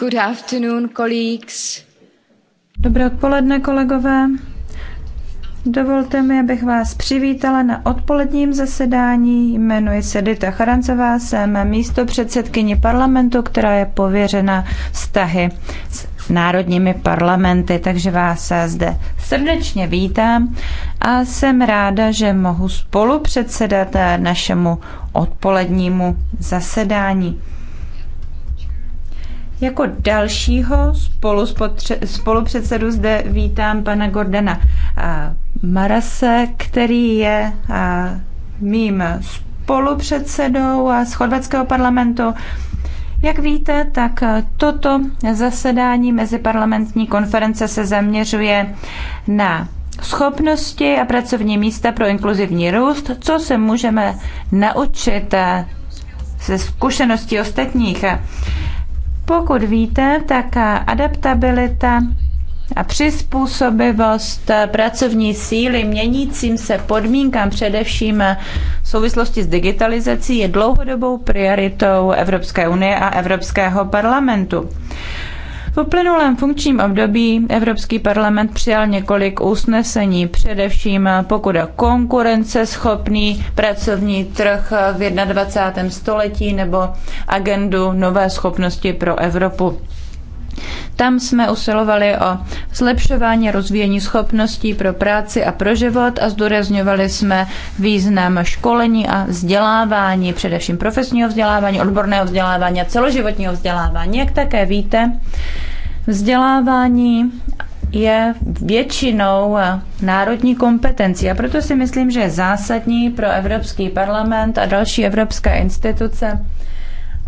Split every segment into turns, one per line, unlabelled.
Good afternoon, colleagues.
Dobré odpoledne, kolegové. Dovolte mi, abych vás přivítala na odpoledním zasedání. Jmenuji se Dita Charancová, jsem místo předsedkyni parlamentu, která je pověřena vztahy s národními parlamenty, takže vás zde srdečně vítám a jsem ráda, že mohu spolu předsedat našemu odpolednímu zasedání. Jako dalšího spolupředsedu zde vítám pana Gordana eh, Marase, který je eh, mým spolupředsedou z chorvatského parlamentu. Jak víte, tak eh, toto zasedání meziparlamentní konference se zaměřuje na schopnosti a pracovní místa pro inkluzivní růst, co se můžeme naučit ze zkušeností ostatních. Pokud víte, tak adaptabilita a přizpůsobivost pracovní síly měnícím se podmínkám, především v souvislosti s digitalizací, je dlouhodobou prioritou Evropské unie a Evropského parlamentu. Po plynulém funkčním období Evropský parlament přijal několik usnesení, především pokud o konkurenceschopný pracovní trh v 21. století nebo agendu nové schopnosti pro Evropu. Tam jsme usilovali o zlepšování rozvíjení schopností pro práci a pro život a zdůrazňovali jsme význam školení a vzdělávání, především profesního vzdělávání, odborného vzdělávání a celoživotního vzdělávání. Jak také víte, vzdělávání je většinou národní kompetenci. a proto si myslím, že je zásadní pro Evropský parlament a další evropské instituce,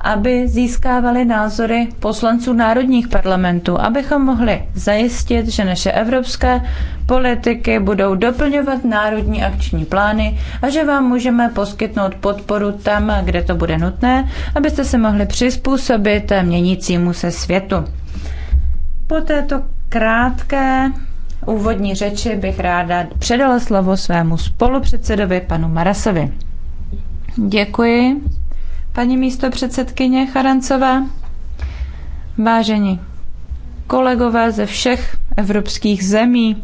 aby získávali názory poslanců národních parlamentů, abychom mohli zajistit, že naše evropské politiky budou doplňovat národní akční plány a že vám můžeme poskytnout podporu tam, kde to bude nutné, abyste se mohli přizpůsobit měnícímu se světu. Po této krátké úvodní řeči bych ráda předala slovo svému spolupředsedovi panu Marasovi. Děkuji. Paní místo předsedkyně Charancová, vážení kolegové ze všech evropských zemí,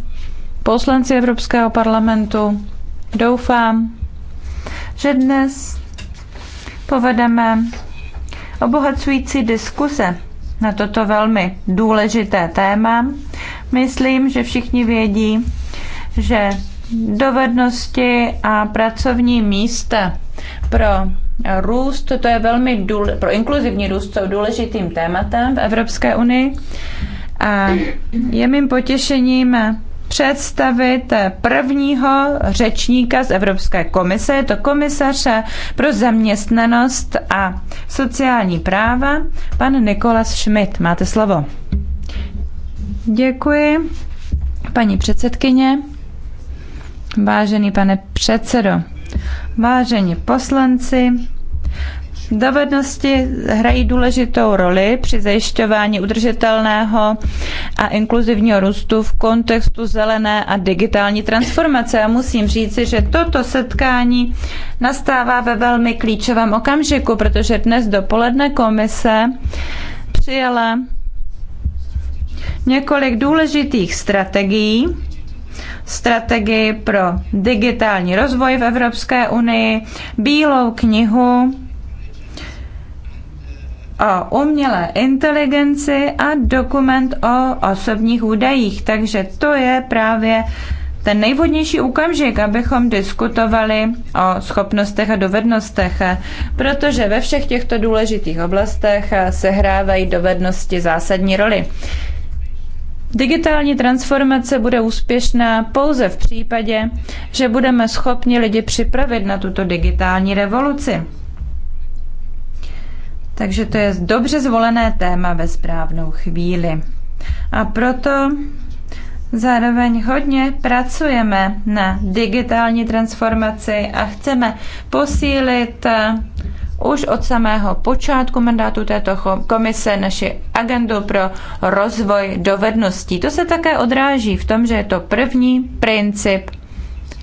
poslanci Evropského parlamentu, doufám, že dnes povedeme obohacující diskuse na toto velmi důležité téma. Myslím, že všichni vědí, že dovednosti a pracovní místa pro Růst, to je velmi důle, pro inkluzivní růst jsou důležitým tématem v Evropské unii a je mým potěšením představit prvního řečníka z Evropské komise. Je to komisař pro zaměstnanost a sociální práva, pan Nikolas Schmidt. Máte slovo. Děkuji, paní předsedkyně. Vážený pane předsedo, Vážení poslanci, Dovednosti hrají důležitou roli při zajišťování udržitelného a inkluzivního růstu v kontextu zelené a digitální transformace. A musím říci, že toto setkání nastává ve velmi klíčovém okamžiku, protože dnes dopoledne komise přijala několik důležitých strategií, strategii pro digitální rozvoj v Evropské unii, bílou knihu o umělé inteligenci a dokument o osobních údajích. Takže to je právě ten nejvhodnější okamžik, abychom diskutovali o schopnostech a dovednostech, protože ve všech těchto důležitých oblastech sehrávají dovednosti zásadní roli. Digitální transformace bude úspěšná pouze v případě, že budeme schopni lidi připravit na tuto digitální revoluci. Takže to je dobře zvolené téma ve správnou chvíli. A proto zároveň hodně pracujeme na digitální transformaci a chceme posílit už od samého počátku mandátu této komise naši agendu pro rozvoj dovedností. To se také odráží v tom, že je to první princip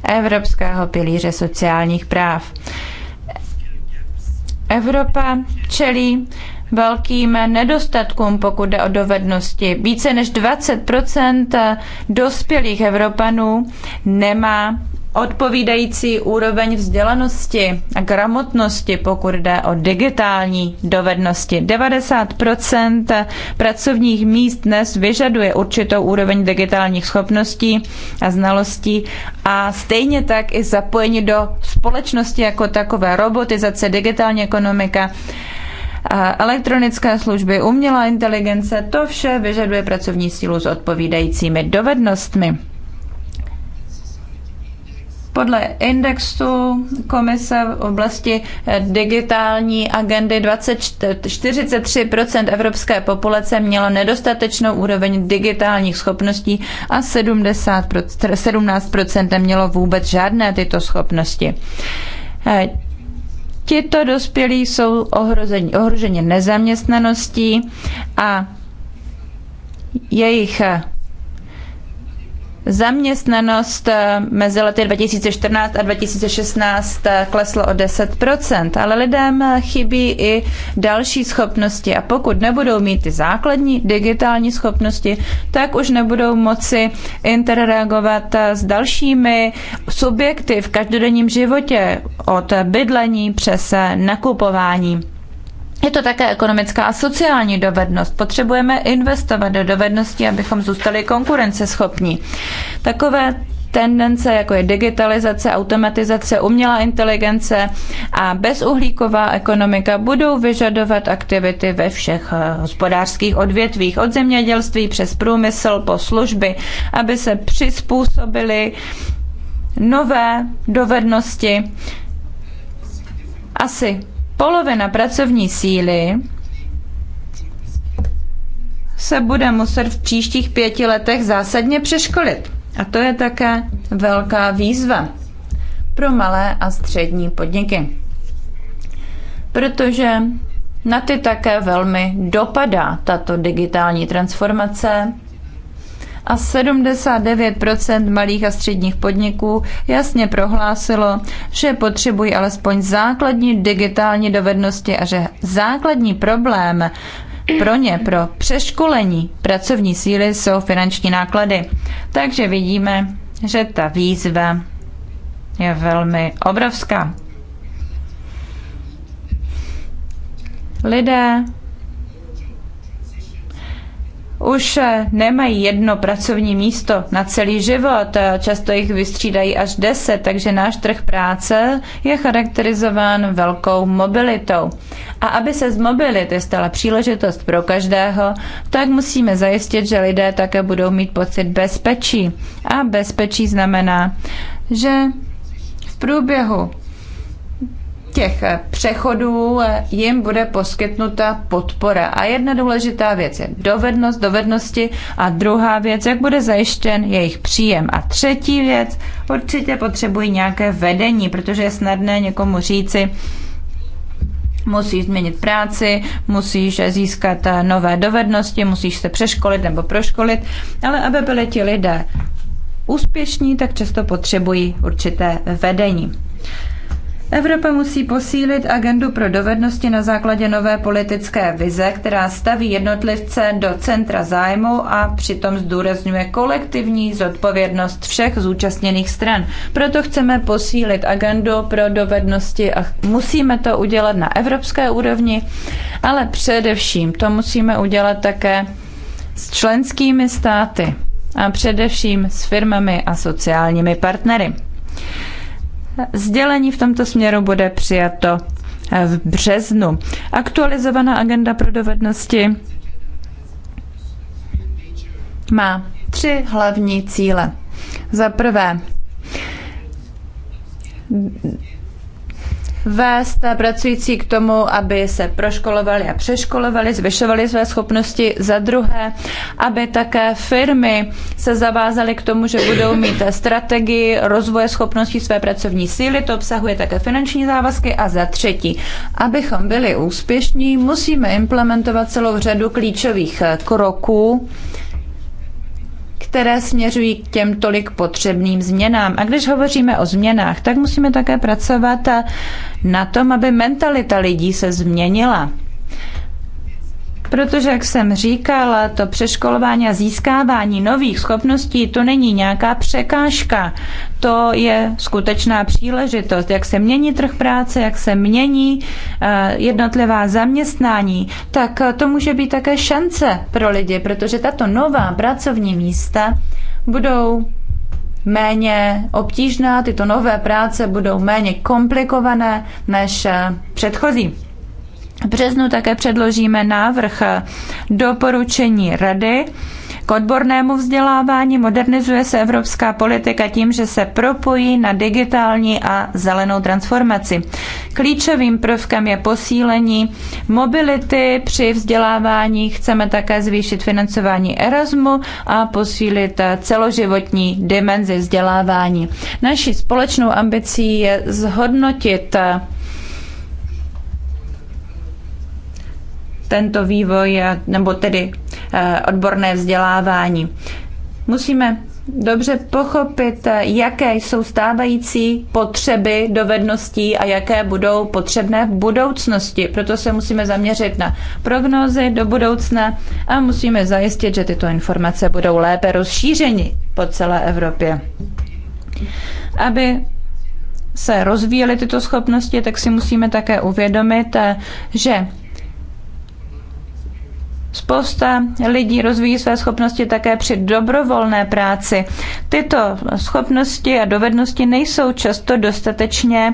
Evropského pilíře sociálních práv. Evropa čelí velkým nedostatkům, pokud jde o dovednosti. Více než 20 dospělých Evropanů nemá odpovídající úroveň vzdělanosti a gramotnosti, pokud jde o digitální dovednosti. 90 pracovních míst dnes vyžaduje určitou úroveň digitálních schopností a znalostí a stejně tak i zapojení do společnosti jako takové robotizace, digitální ekonomika elektronické služby, umělá inteligence, to vše vyžaduje pracovní sílu s odpovídajícími dovednostmi. Podle indexu komise v oblasti eh, digitální agendy 43% evropské populace mělo nedostatečnou úroveň digitálních schopností a 70%, 17% nemělo vůbec žádné tyto schopnosti. Eh, tito dospělí jsou ohrožení, ohrožení nezaměstnaností a jejich eh, Zaměstnanost eh, mezi lety 2014 a 2016 eh, kleslo o 10%, ale lidem eh, chybí i další schopnosti a pokud nebudou mít ty základní digitální schopnosti, tak už nebudou moci interreagovat s dalšími subjekty v každodenním životě, od bydlení přes nakupování. Je to také ekonomická a sociální dovednost. Potřebujeme investovat do dovedností, abychom zůstali konkurenceschopní. Takové tendence, jako je digitalizace, automatizace, umělá inteligence a bezuhlíková ekonomika budou vyžadovat aktivity ve všech eh, hospodářských odvětvích, od zemědělství přes průmysl po služby, aby se přizpůsobili nové dovednosti asi polovina pracovní síly se bude muset v příštích pěti letech zásadně přeškolit. A to je také velká výzva pro malé a střední podniky. Protože na ty také velmi dopadá tato digitální transformace a 79 malých a středních podniků jasně prohlásilo, že potřebují alespoň základní digitální dovednosti a že základní problém pro ně, pro přeškolení pracovní síly jsou finanční náklady. Takže vidíme, že ta výzva je velmi obrovská. Lidé už eh, nemají jedno pracovní místo na celý život, eh, často jich vystřídají až deset, takže náš trh práce je charakterizován velkou mobilitou. A aby se z mobility stala příležitost pro každého, tak musíme zajistit, že lidé také budou mít pocit bezpečí. A bezpečí znamená, že v průběhu těch eh, přechodů eh, jim bude poskytnuta podpora. A jedna důležitá věc je dovednost, dovednosti a druhá věc, jak bude zajištěn jejich příjem. A třetí věc, určitě potřebují nějaké vedení, protože je snadné někomu říci, musíš změnit práci, musíš získat eh, nové dovednosti, musíš se přeškolit nebo proškolit, ale aby byli ti lidé úspěšní, tak často potřebují určité vedení. Evropa musí posílit agendu pro dovednosti na základě nové politické vize, která staví jednotlivce do centra zájmu a přitom zdůrazňuje kolektivní zodpovědnost všech zúčastněných stran. Proto chceme posílit agendu pro dovednosti a musíme to udělat na evropské úrovni, ale především to musíme udělat také s členskými státy a především s firmami a sociálními partnery. Sdělení v tomto směru bude přijato eh, v březnu. Aktualizovaná agenda pro dovednosti má tři hlavní cíle. Za prvé, vést pracující k tomu, aby se proškolovali a přeškolovali, zvyšovali své schopnosti. Za druhé, aby také firmy se zavázaly k tomu, že budou mít strategii rozvoje schopností své pracovní síly. To obsahuje také finanční závazky. A za třetí, abychom byli úspěšní, musíme implementovat celou řadu klíčových kroků, které směřují k těm tolik potřebným změnám. A když hovoříme o změnách, tak musíme také pracovat na tom, aby mentalita lidí se změnila. Protože, jak jsem říkala, to přeškolování a získávání nových schopností, to není nějaká překážka. To je skutečná příležitost, jak se mění trh práce, jak se mění eh, jednotlivá zaměstnání, tak to může být také šance pro lidi, protože tato nová pracovní místa budou méně obtížná, tyto nové práce budou méně komplikované než eh, předchozí březnu také předložíme návrh doporučení Rady. K odbornému vzdělávání modernizuje se evropská politika tím, že se propojí na digitální a zelenou transformaci. Klíčovým prvkem je posílení mobility při vzdělávání. Chceme také zvýšit financování Erasmu a posílit celoživotní dimenzi vzdělávání. Naší společnou ambicí je zhodnotit tento vývoj, nebo tedy eh, odborné vzdělávání. Musíme dobře pochopit, eh, jaké jsou stávající potřeby dovedností a jaké budou potřebné v budoucnosti. Proto se musíme zaměřit na prognózy do budoucna a musíme zajistit, že tyto informace budou lépe rozšířeny po celé Evropě. Aby se rozvíjely tyto schopnosti, tak si musíme také uvědomit, eh, že Spousta lidí rozvíjí své schopnosti také při dobrovolné práci. Tyto schopnosti a dovednosti nejsou často dostatečně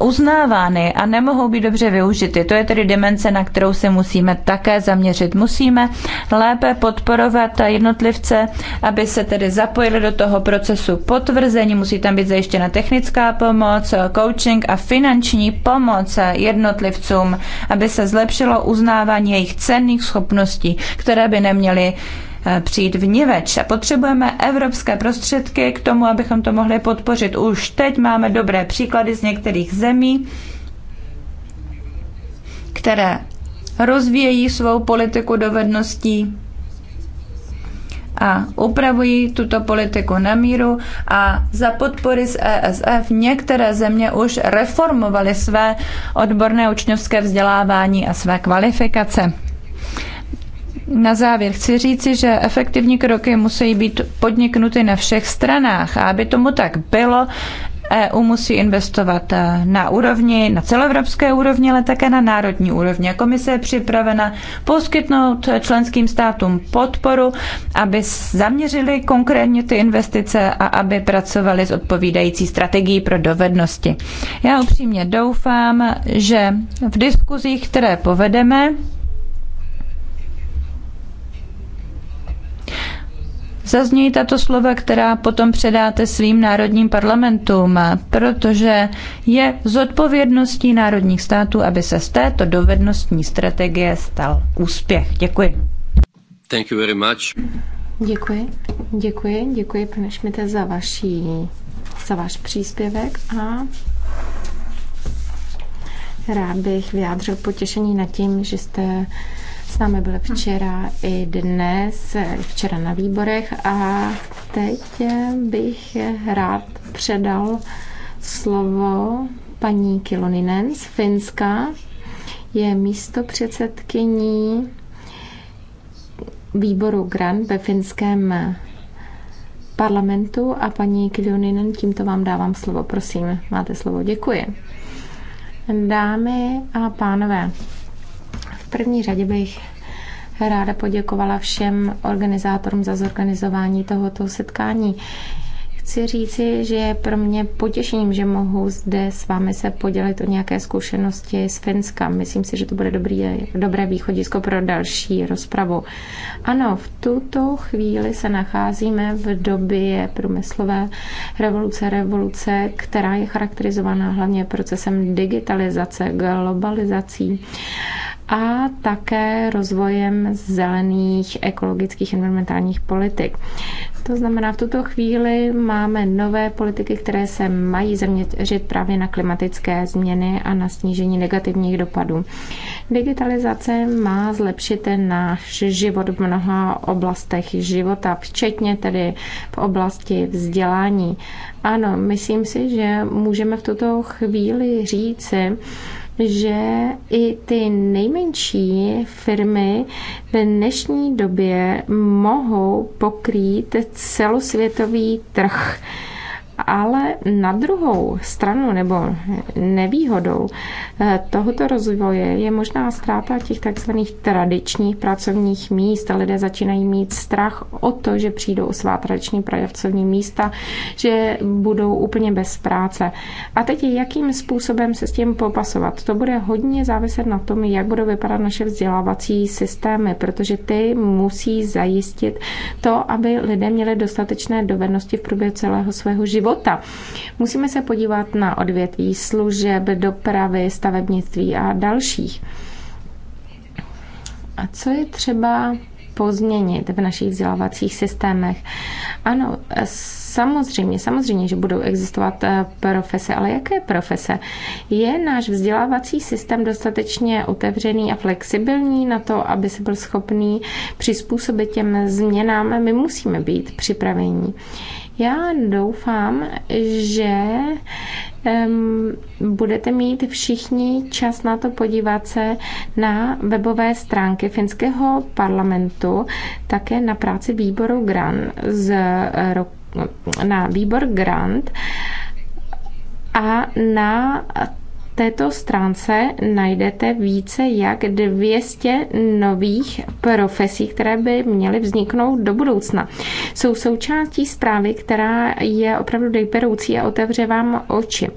uznávány a nemohou být dobře využity. To je tedy demence, na kterou se musíme také zaměřit. Musíme lépe podporovat jednotlivce, aby se tedy zapojili do toho procesu potvrzení. Musí tam být zajištěna technická pomoc, coaching a finanční pomoc jednotlivcům, aby se zlepšilo uznávání jejich cenných schopností, které by neměly Eh, přijít v A Potřebujeme evropské prostředky k tomu, abychom to mohli podpořit. Už teď máme dobré příklady z některých zemí, které rozvíjejí svou politiku dovedností a upravují tuto politiku na míru a za podpory z ESF některé země už reformovaly své odborné učňovské vzdělávání a své kvalifikace. Na závěr chci říci, že efektivní kroky musí být podniknuty na všech stranách a aby tomu tak bylo, EU musí investovat e, na úrovni, na celoevropské úrovni, ale také na národní úrovni. Komise je připravena poskytnout členským státům podporu, aby zaměřili konkrétně ty investice a aby pracovali s odpovídající strategií pro dovednosti. Já upřímně doufám, že v diskuzích, které povedeme, Zaznějí tato slova, která potom předáte svým národním parlamentům, protože je zodpovědností národních států, aby se z této dovednostní
strategie stal úspěch. Děkuji. Thank you very much. Děkuji, děkuji, děkuji, pane Šmite, za, vaší, za váš příspěvek a rád bych vyjádřil potěšení nad tím, že jste s námi byl včera i dnes, včera na výborech a teď bych rád předal slovo paní Kiloninen z Finska. Je místo předsedkyní výboru GRAN ve finském parlamentu a paní Kiloninen, tímto vám dávám slovo. Prosím, máte slovo. Děkuji. Dámy a pánové, v první řadě bych ráda poděkovala všem organizátorům za zorganizování tohoto setkání. Chci říci, že je pro mě potěšením, že mohu zde s vámi se podělit o nějaké zkušenosti s Finska. Myslím si, že to bude dobrý, dobré východisko pro další rozpravu. Ano, v tuto chvíli se nacházíme v době průmyslové revoluce, revoluce, která je charakterizovaná hlavně procesem digitalizace, globalizací a také rozvojem zelených ekologických environmentálních politik. To znamená, v tuto chvíli má máme nové politiky, které se mají zaměřit právě na klimatické změny a na snížení negativních dopadů. Digitalizace má zlepšit ten náš život v mnoha oblastech života, včetně tedy v oblasti vzdělání. Ano, myslím si, že můžeme v tuto chvíli říci, že i ty nejmenší firmy v dnešní době mohou pokrýt celosvětový trh ale na druhou stranu nebo nevýhodou eh, tohoto rozvoje je možná ztráta těch takzvaných tradičních pracovních míst. Lidé začínají mít strach o to, že přijdou o svá tradiční pracovní místa, že budou úplně bez práce. A teď jakým způsobem se s tím popasovat? To bude hodně záviset na tom, jak budou vypadat naše vzdělávací systémy, protože ty musí zajistit to, aby lidé měli dostatečné dovednosti v průběhu celého svého života života. Musíme se podívat na odvětví služeb, dopravy, stavebnictví a dalších. A co je třeba pozměnit v našich vzdělávacích systémech. Ano, samozřejmě, samozřejmě, že budou existovat eh, profese, ale jaké profese? Je náš vzdělávací systém dostatečně otevřený a flexibilní na to, aby se byl schopný přizpůsobit těm změnám? My musíme být připraveni. Já doufám, že um, budete mít všichni čas na to podívat se na webové stránky finského parlamentu, také na práci výboru Grant z, eh, na výbor Grant a na této stránce najdete více jak 200 nových profesí, které by měly vzniknout do budoucna. Jsou součástí zprávy, která je opravdu dejperoucí a otevře vám oči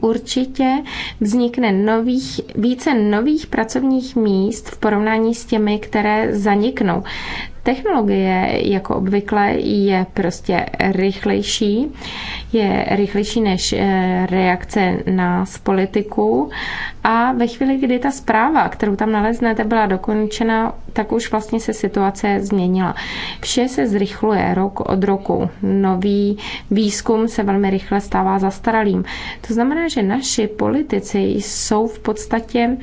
určitě vznikne nových, více nových pracovních míst v porovnání s těmi, které zaniknou. Technologie, jako obvykle, je prostě rychlejší, je rychlejší než eh, reakce nás politiků a ve chvíli, kdy ta zpráva, kterou tam naleznete, byla dokončena, tak už vlastně se situace změnila. Vše se zrychluje rok od roku. Nový výzkum se velmi rychle stává zastaralým. To znamená, že naši politici jsou v podstatě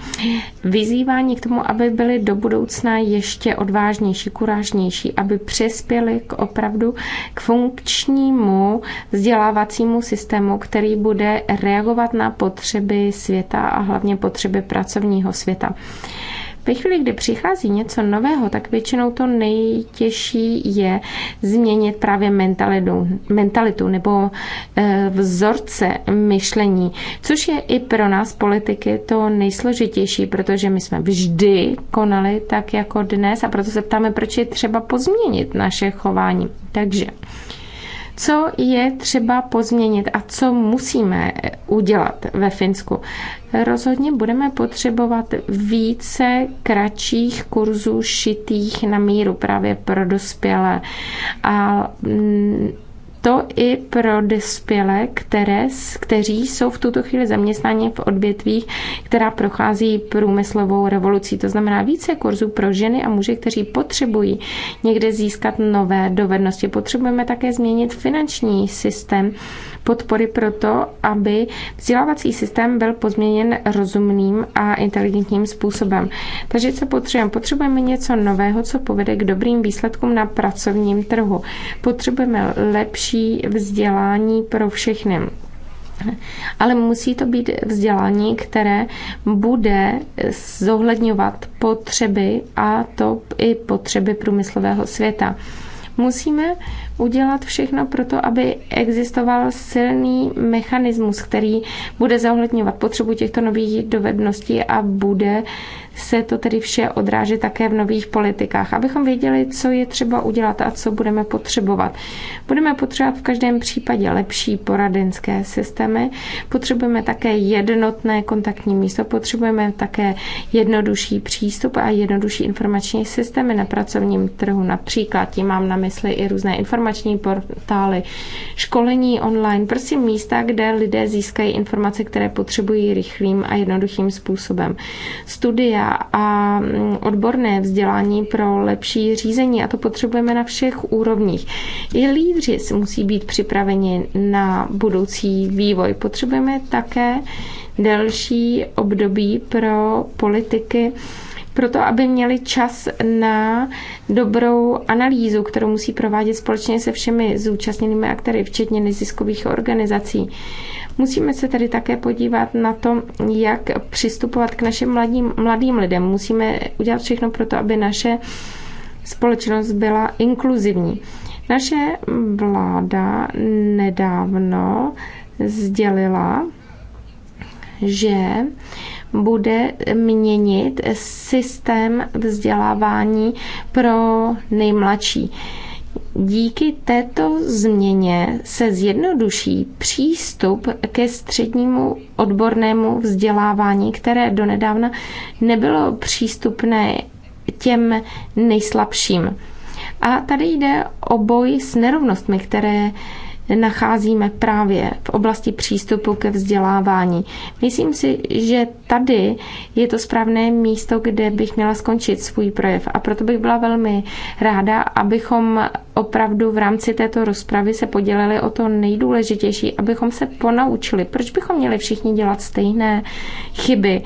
vyzýváni k tomu, aby byli do budoucna ještě odvážnější, kurážnější nejdůležitější, aby přispěli k opravdu k funkčnímu vzdělávacímu systému, který bude reagovat na potřeby světa a hlavně potřeby pracovního světa. Ve chvíli, kdy přichází něco nového, tak většinou to nejtěžší je změnit právě mentalitu, mentalitu nebo eh, vzorce myšlení, což je i pro nás politiky to nejsložitější, protože my jsme vždy konali tak jako dnes a proto se ptáme, proč je třeba pozměnit naše chování. Takže co je třeba pozměnit a co musíme udělat ve Finsku. Rozhodně budeme potřebovat více kratších kurzů šitých na míru právě pro dospělé. A mm, to i pro dospělé, které, kteří jsou v tuto chvíli zaměstnáni v odvětvích, která prochází průmyslovou revolucí. To znamená více kurzů pro ženy a muže, kteří potřebují někde získat nové dovednosti. Potřebujeme také změnit finanční systém podpory pro to, aby vzdělávací systém byl pozměněn rozumným a inteligentním způsobem. Takže co potřebujeme? Potřebujeme něco nového, co povede k dobrým výsledkům na pracovním trhu. Potřebujeme lepší lepší vzdělání pro všechny. Ale musí to být vzdělání, které bude zohledňovat potřeby a to i potřeby průmyslového světa. Musíme udělat všechno pro to, aby existoval silný mechanismus, který bude zohledňovat potřebu těchto nových dovedností a bude se to tedy vše odrážet také v nových politikách, abychom věděli, co je třeba udělat a co budeme potřebovat. Budeme potřebovat v každém případě lepší poradenské systémy, potřebujeme také jednotné kontaktní místo, potřebujeme také jednodušší přístup a jednodušší informační systémy na pracovním trhu. Například tím mám na mysli i různé informační informační portály, školení online, prostě místa, kde lidé získají informace, které potřebují rychlým a jednoduchým způsobem. Studia a mm, odborné vzdělání pro lepší řízení a to potřebujeme na všech úrovních. I lídři musí být připraveni na budoucí vývoj. Potřebujeme také delší období pro politiky, proto aby měli čas na dobrou analýzu, kterou musí provádět společně se všemi zúčastněnými aktéry, včetně neziskových organizací. Musíme se tedy také podívat na to, jak přistupovat k našim mladým, mladým lidem. Musíme udělat všechno pro to, aby naše společnost byla inkluzivní. Naše vláda nedávno sdělila, že bude měnit systém vzdělávání pro nejmladší. Díky této změně se zjednoduší přístup ke střednímu odbornému vzdělávání, které donedávna nebylo přístupné těm nejslabším. A tady jde o boj s nerovnostmi, které nacházíme právě v oblasti přístupu ke vzdělávání. Myslím si, že tady je to správné místo, kde bych měla skončit svůj projev a proto bych byla velmi ráda, abychom opravdu v rámci této rozpravy se podělili o to nejdůležitější, abychom se ponaučili. Proč bychom měli všichni dělat stejné chyby?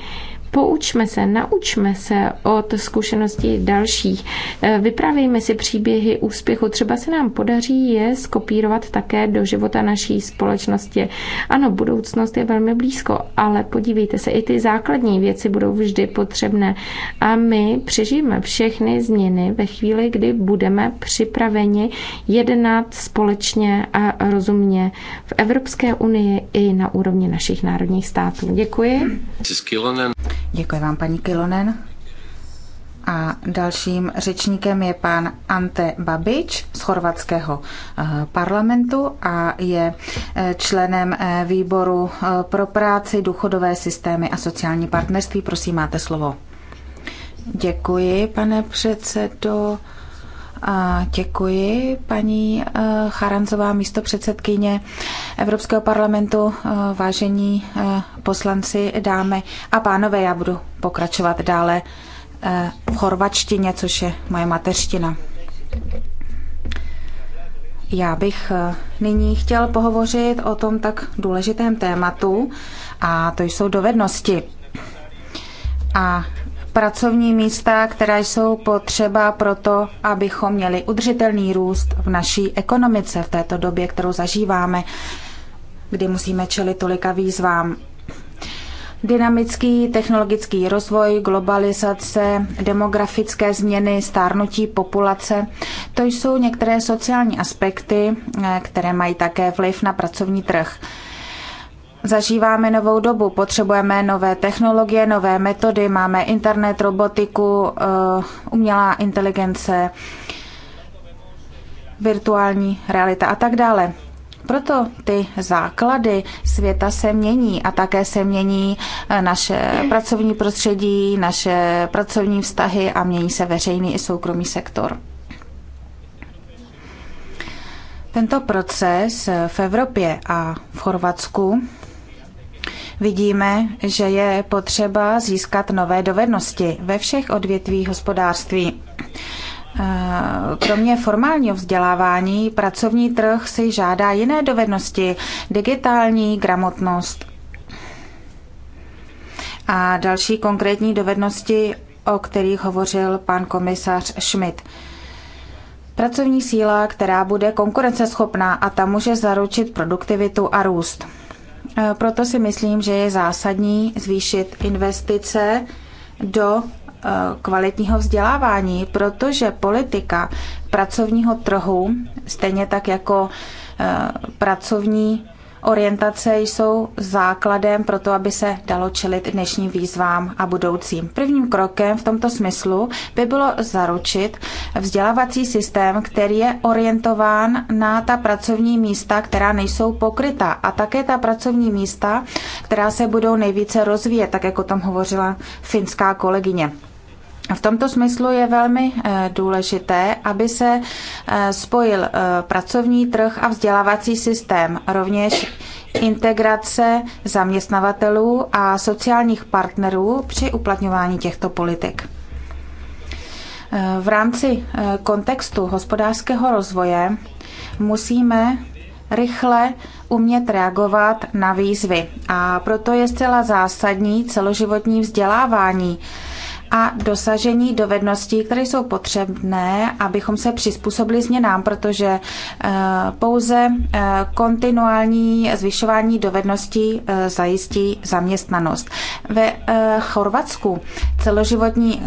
Poučme se, naučme se od zkušeností dalších. Eh, vyprávějme si příběhy úspěchu. Třeba se nám podaří je skopírovat také do života naší společnosti. Ano, budoucnost je velmi blízko, ale podívejte se, i ty základní věci budou vždy potřebné. A my přežijeme všechny změny ve chvíli, kdy budeme připraveni jednat společně a rozumně v Evropské unii i na úrovni našich národních států. Děkuji. Děkuji vám, paní Kilonen.
A dalším řečníkem je pan Ante Babič z chorvatského eh, parlamentu a je eh, členem eh, výboru pro práci, důchodové systémy a sociální partnerství. Prosím, máte slovo. Děkuji, pane předsedo. A děkuji, paní eh, Charanzová, místo předsedkyně Evropského parlamentu, eh, vážení eh, poslanci, dámy a pánové, já budu pokračovat dále v chorvačtině, což je moje mateřština. Já bych nyní chtěl pohovořit o tom tak důležitém tématu, a to jsou dovednosti. A pracovní místa, která jsou potřeba pro to, abychom měli udržitelný růst v naší ekonomice v této době, kterou zažíváme, kdy musíme čelit tolika výzvám. Dynamický technologický rozvoj, globalizace, demografické změny, stárnutí populace, to jsou některé sociální aspekty, eh, které mají také vliv na pracovní trh. Zažíváme novou dobu, potřebujeme nové technologie, nové metody, máme internet, robotiku, eh, umělá inteligence, virtuální realita a tak dále. Proto ty základy světa se mění a také se mění eh, naše pracovní prostředí, naše pracovní vztahy a mění se veřejný i soukromý sektor. Tento proces v Evropě a v Chorvatsku vidíme, že je potřeba získat nové dovednosti ve všech odvětvích hospodářství. Eh, kromě formálního vzdělávání pracovní trh si žádá jiné dovednosti, digitální gramotnost a další konkrétní dovednosti, o kterých hovořil pan komisař Schmidt. Pracovní síla, která bude konkurenceschopná a ta může zaručit produktivitu a růst. Proto si myslím, že je zásadní zvýšit investice do e, kvalitního vzdělávání, protože politika pracovního trhu, stejně tak jako e, pracovní orientace jsou základem pro to, aby se dalo čelit dnešním výzvám a budoucím. Prvním krokem v tomto smyslu by bylo zaručit vzdělávací systém, který je orientován na ta pracovní místa, která nejsou pokryta a také ta pracovní místa, která se budou nejvíce rozvíjet, tak jako tam hovořila finská kolegyně. V tomto smyslu je velmi eh, důležité, aby se eh, spojil eh, pracovní trh a vzdělávací systém, rovněž integrace zaměstnavatelů a sociálních partnerů při uplatňování těchto politik. V rámci kontextu hospodářského rozvoje musíme rychle umět reagovat na výzvy. A proto je zcela zásadní celoživotní vzdělávání a dosažení dovedností, které jsou potřebné, abychom se přizpůsobili změnám, protože eh, pouze eh, kontinuální zvyšování dovedností eh, zajistí zaměstnanost. Ve Chorvatsku celoživotní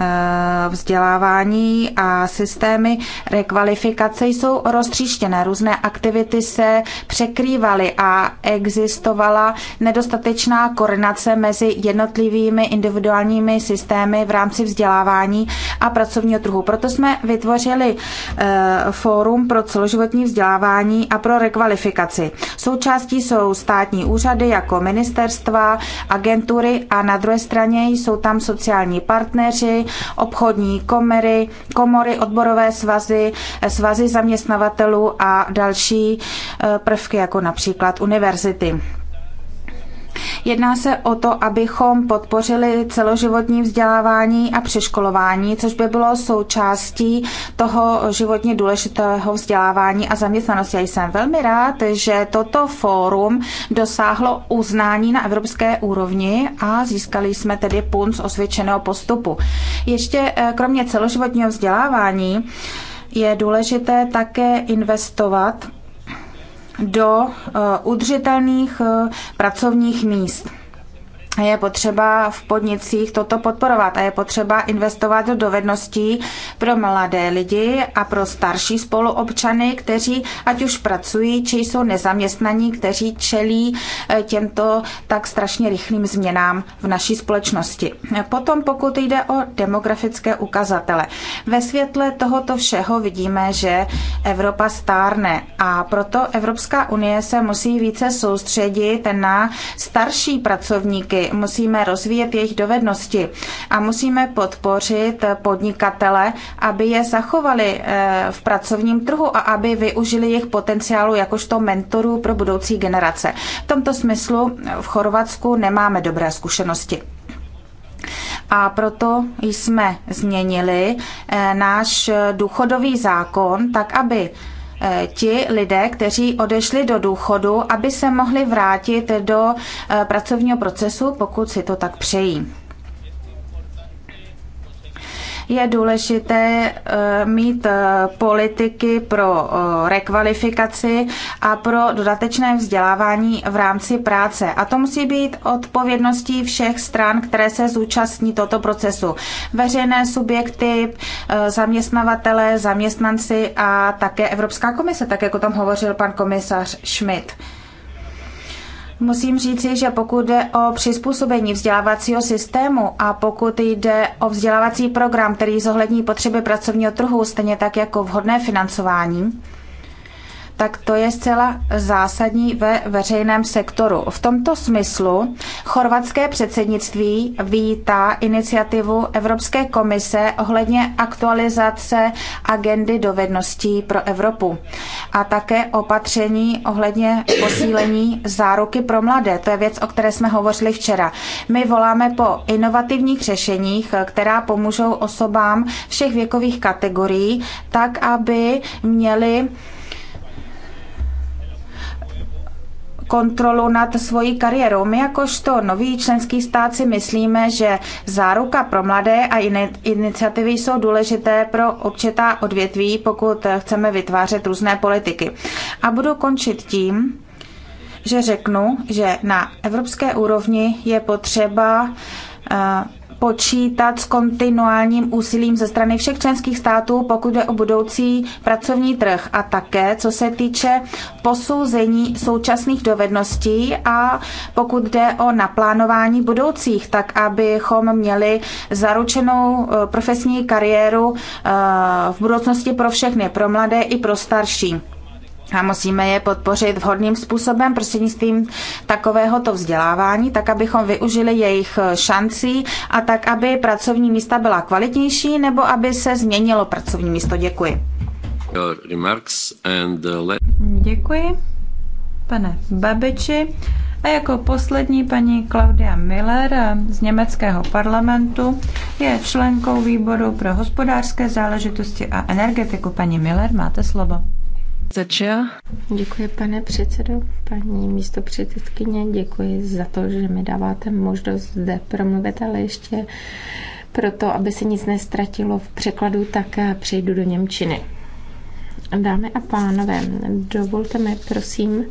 vzdělávání a systémy rekvalifikace jsou roztříštěné. Různé aktivity se překrývaly a existovala nedostatečná koordinace mezi jednotlivými individuálními systémy v rámci rámci vzdělávání a pracovního trhu. Proto jsme vytvořili eh, fórum pro celoživotní vzdělávání a pro rekvalifikaci. Součástí jsou státní úřady jako ministerstva, agentury a na druhé straně jsou tam sociální partneři, obchodní komory, komory odborové svazy, svazy zaměstnavatelů a další eh, prvky, jako například univerzity. Jedná se o to, abychom podpořili celoživotní vzdělávání a přeškolování, což by bylo součástí toho životně důležitého vzdělávání a zaměstnanosti. Já jsem velmi rád, že toto fórum dosáhlo uznání na evropské úrovni a získali jsme tedy punc osvědčeného postupu. Ještě eh, kromě celoživotního vzdělávání je důležité také investovat do eh, udržitelných eh, pracovních míst. Vlastně je potřeba v podnicích toto podporovat a je potřeba investovat do dovedností pro mladé lidi a pro starší spoluobčany, kteří ať už pracují, či jsou nezaměstnaní, kteří čelí e, těmto tak strašně rychlým změnám v naší společnosti. Potom, pokud jde o demografické ukazatele. Ve světle tohoto všeho vidíme, že Evropa stárne a proto Evropská unie se musí více soustředit na starší pracovníky, musíme rozvíjet jejich dovednosti a musíme podpořit podnikatele, aby je zachovali eh, v pracovním trhu a aby využili jejich potenciálu jakožto mentorů pro budoucí generace. V tomto smyslu v Chorvatsku nemáme dobré zkušenosti. A proto jsme změnili eh, náš eh, důchodový zákon tak, aby Eh, ti lidé, kteří odešli do důchodu, aby se mohli vrátit do eh, pracovního procesu, pokud si to tak přejí. Je důležité eh, mít eh, politiky pro eh, rekvalifikaci a pro dodatečné vzdělávání v rámci práce. A to musí být odpovědností všech stran, které se zúčastní tohoto procesu. Veřejné subjekty, zaměstnavatele, zaměstnanci a také Evropská komise, tak jako tam hovořil pan komisař Schmidt. Musím říci, že pokud jde o přizpůsobení vzdělávacího systému a pokud jde o vzdělávací program, který zohlední potřeby pracovního trhu, stejně tak jako vhodné financování, tak to je zcela zásadní ve veřejném sektoru. V tomto smyslu chorvatské předsednictví vítá iniciativu Evropské komise ohledně aktualizace agendy dovedností pro Evropu a také opatření ohledně posílení záruky pro mladé. To je věc, o které jsme hovořili včera. My voláme po inovativních řešeních, která pomůžou osobám všech věkových kategorií, tak aby měli kontrolu nad svojí kariérou. My jakožto nový členský stát si myslíme, že záruka pro mladé a iniciativy jsou důležité pro určitá odvětví, pokud chceme vytvářet různé politiky. A budu končit tím, že řeknu, že na evropské úrovni je potřeba eh, počítat s kontinuálním úsilím ze strany všech členských států, pokud je o budoucí pracovní trh a také, co se týče posouzení současných dovedností a pokud jde o naplánování budoucích, tak abychom měli zaručenou eh, profesní kariéru eh, v budoucnosti pro všechny, pro mladé i pro starší a musíme je podpořit vhodným způsobem prostřednictvím takovéhoto vzdělávání, tak abychom využili jejich šancí a tak, aby pracovní místa byla kvalitnější nebo aby se změnilo pracovní místo. Děkuji.
Uh,
Děkuji, pane Babiči. A jako poslední
paní Claudia Miller eh, z německého parlamentu je členkou výboru pro hospodářské záležitosti a energetiku. Paní Miller, máte slovo.
Začal. Děkuji, pane předsedo, paní místo předsedkyně, děkuji za to, že mi dáváte možnost zde promluvit, ale ještě proto, aby se nic nestratilo v překladu, tak přejdu do Němčiny. Dámy a pánové, dovolte mi prosím,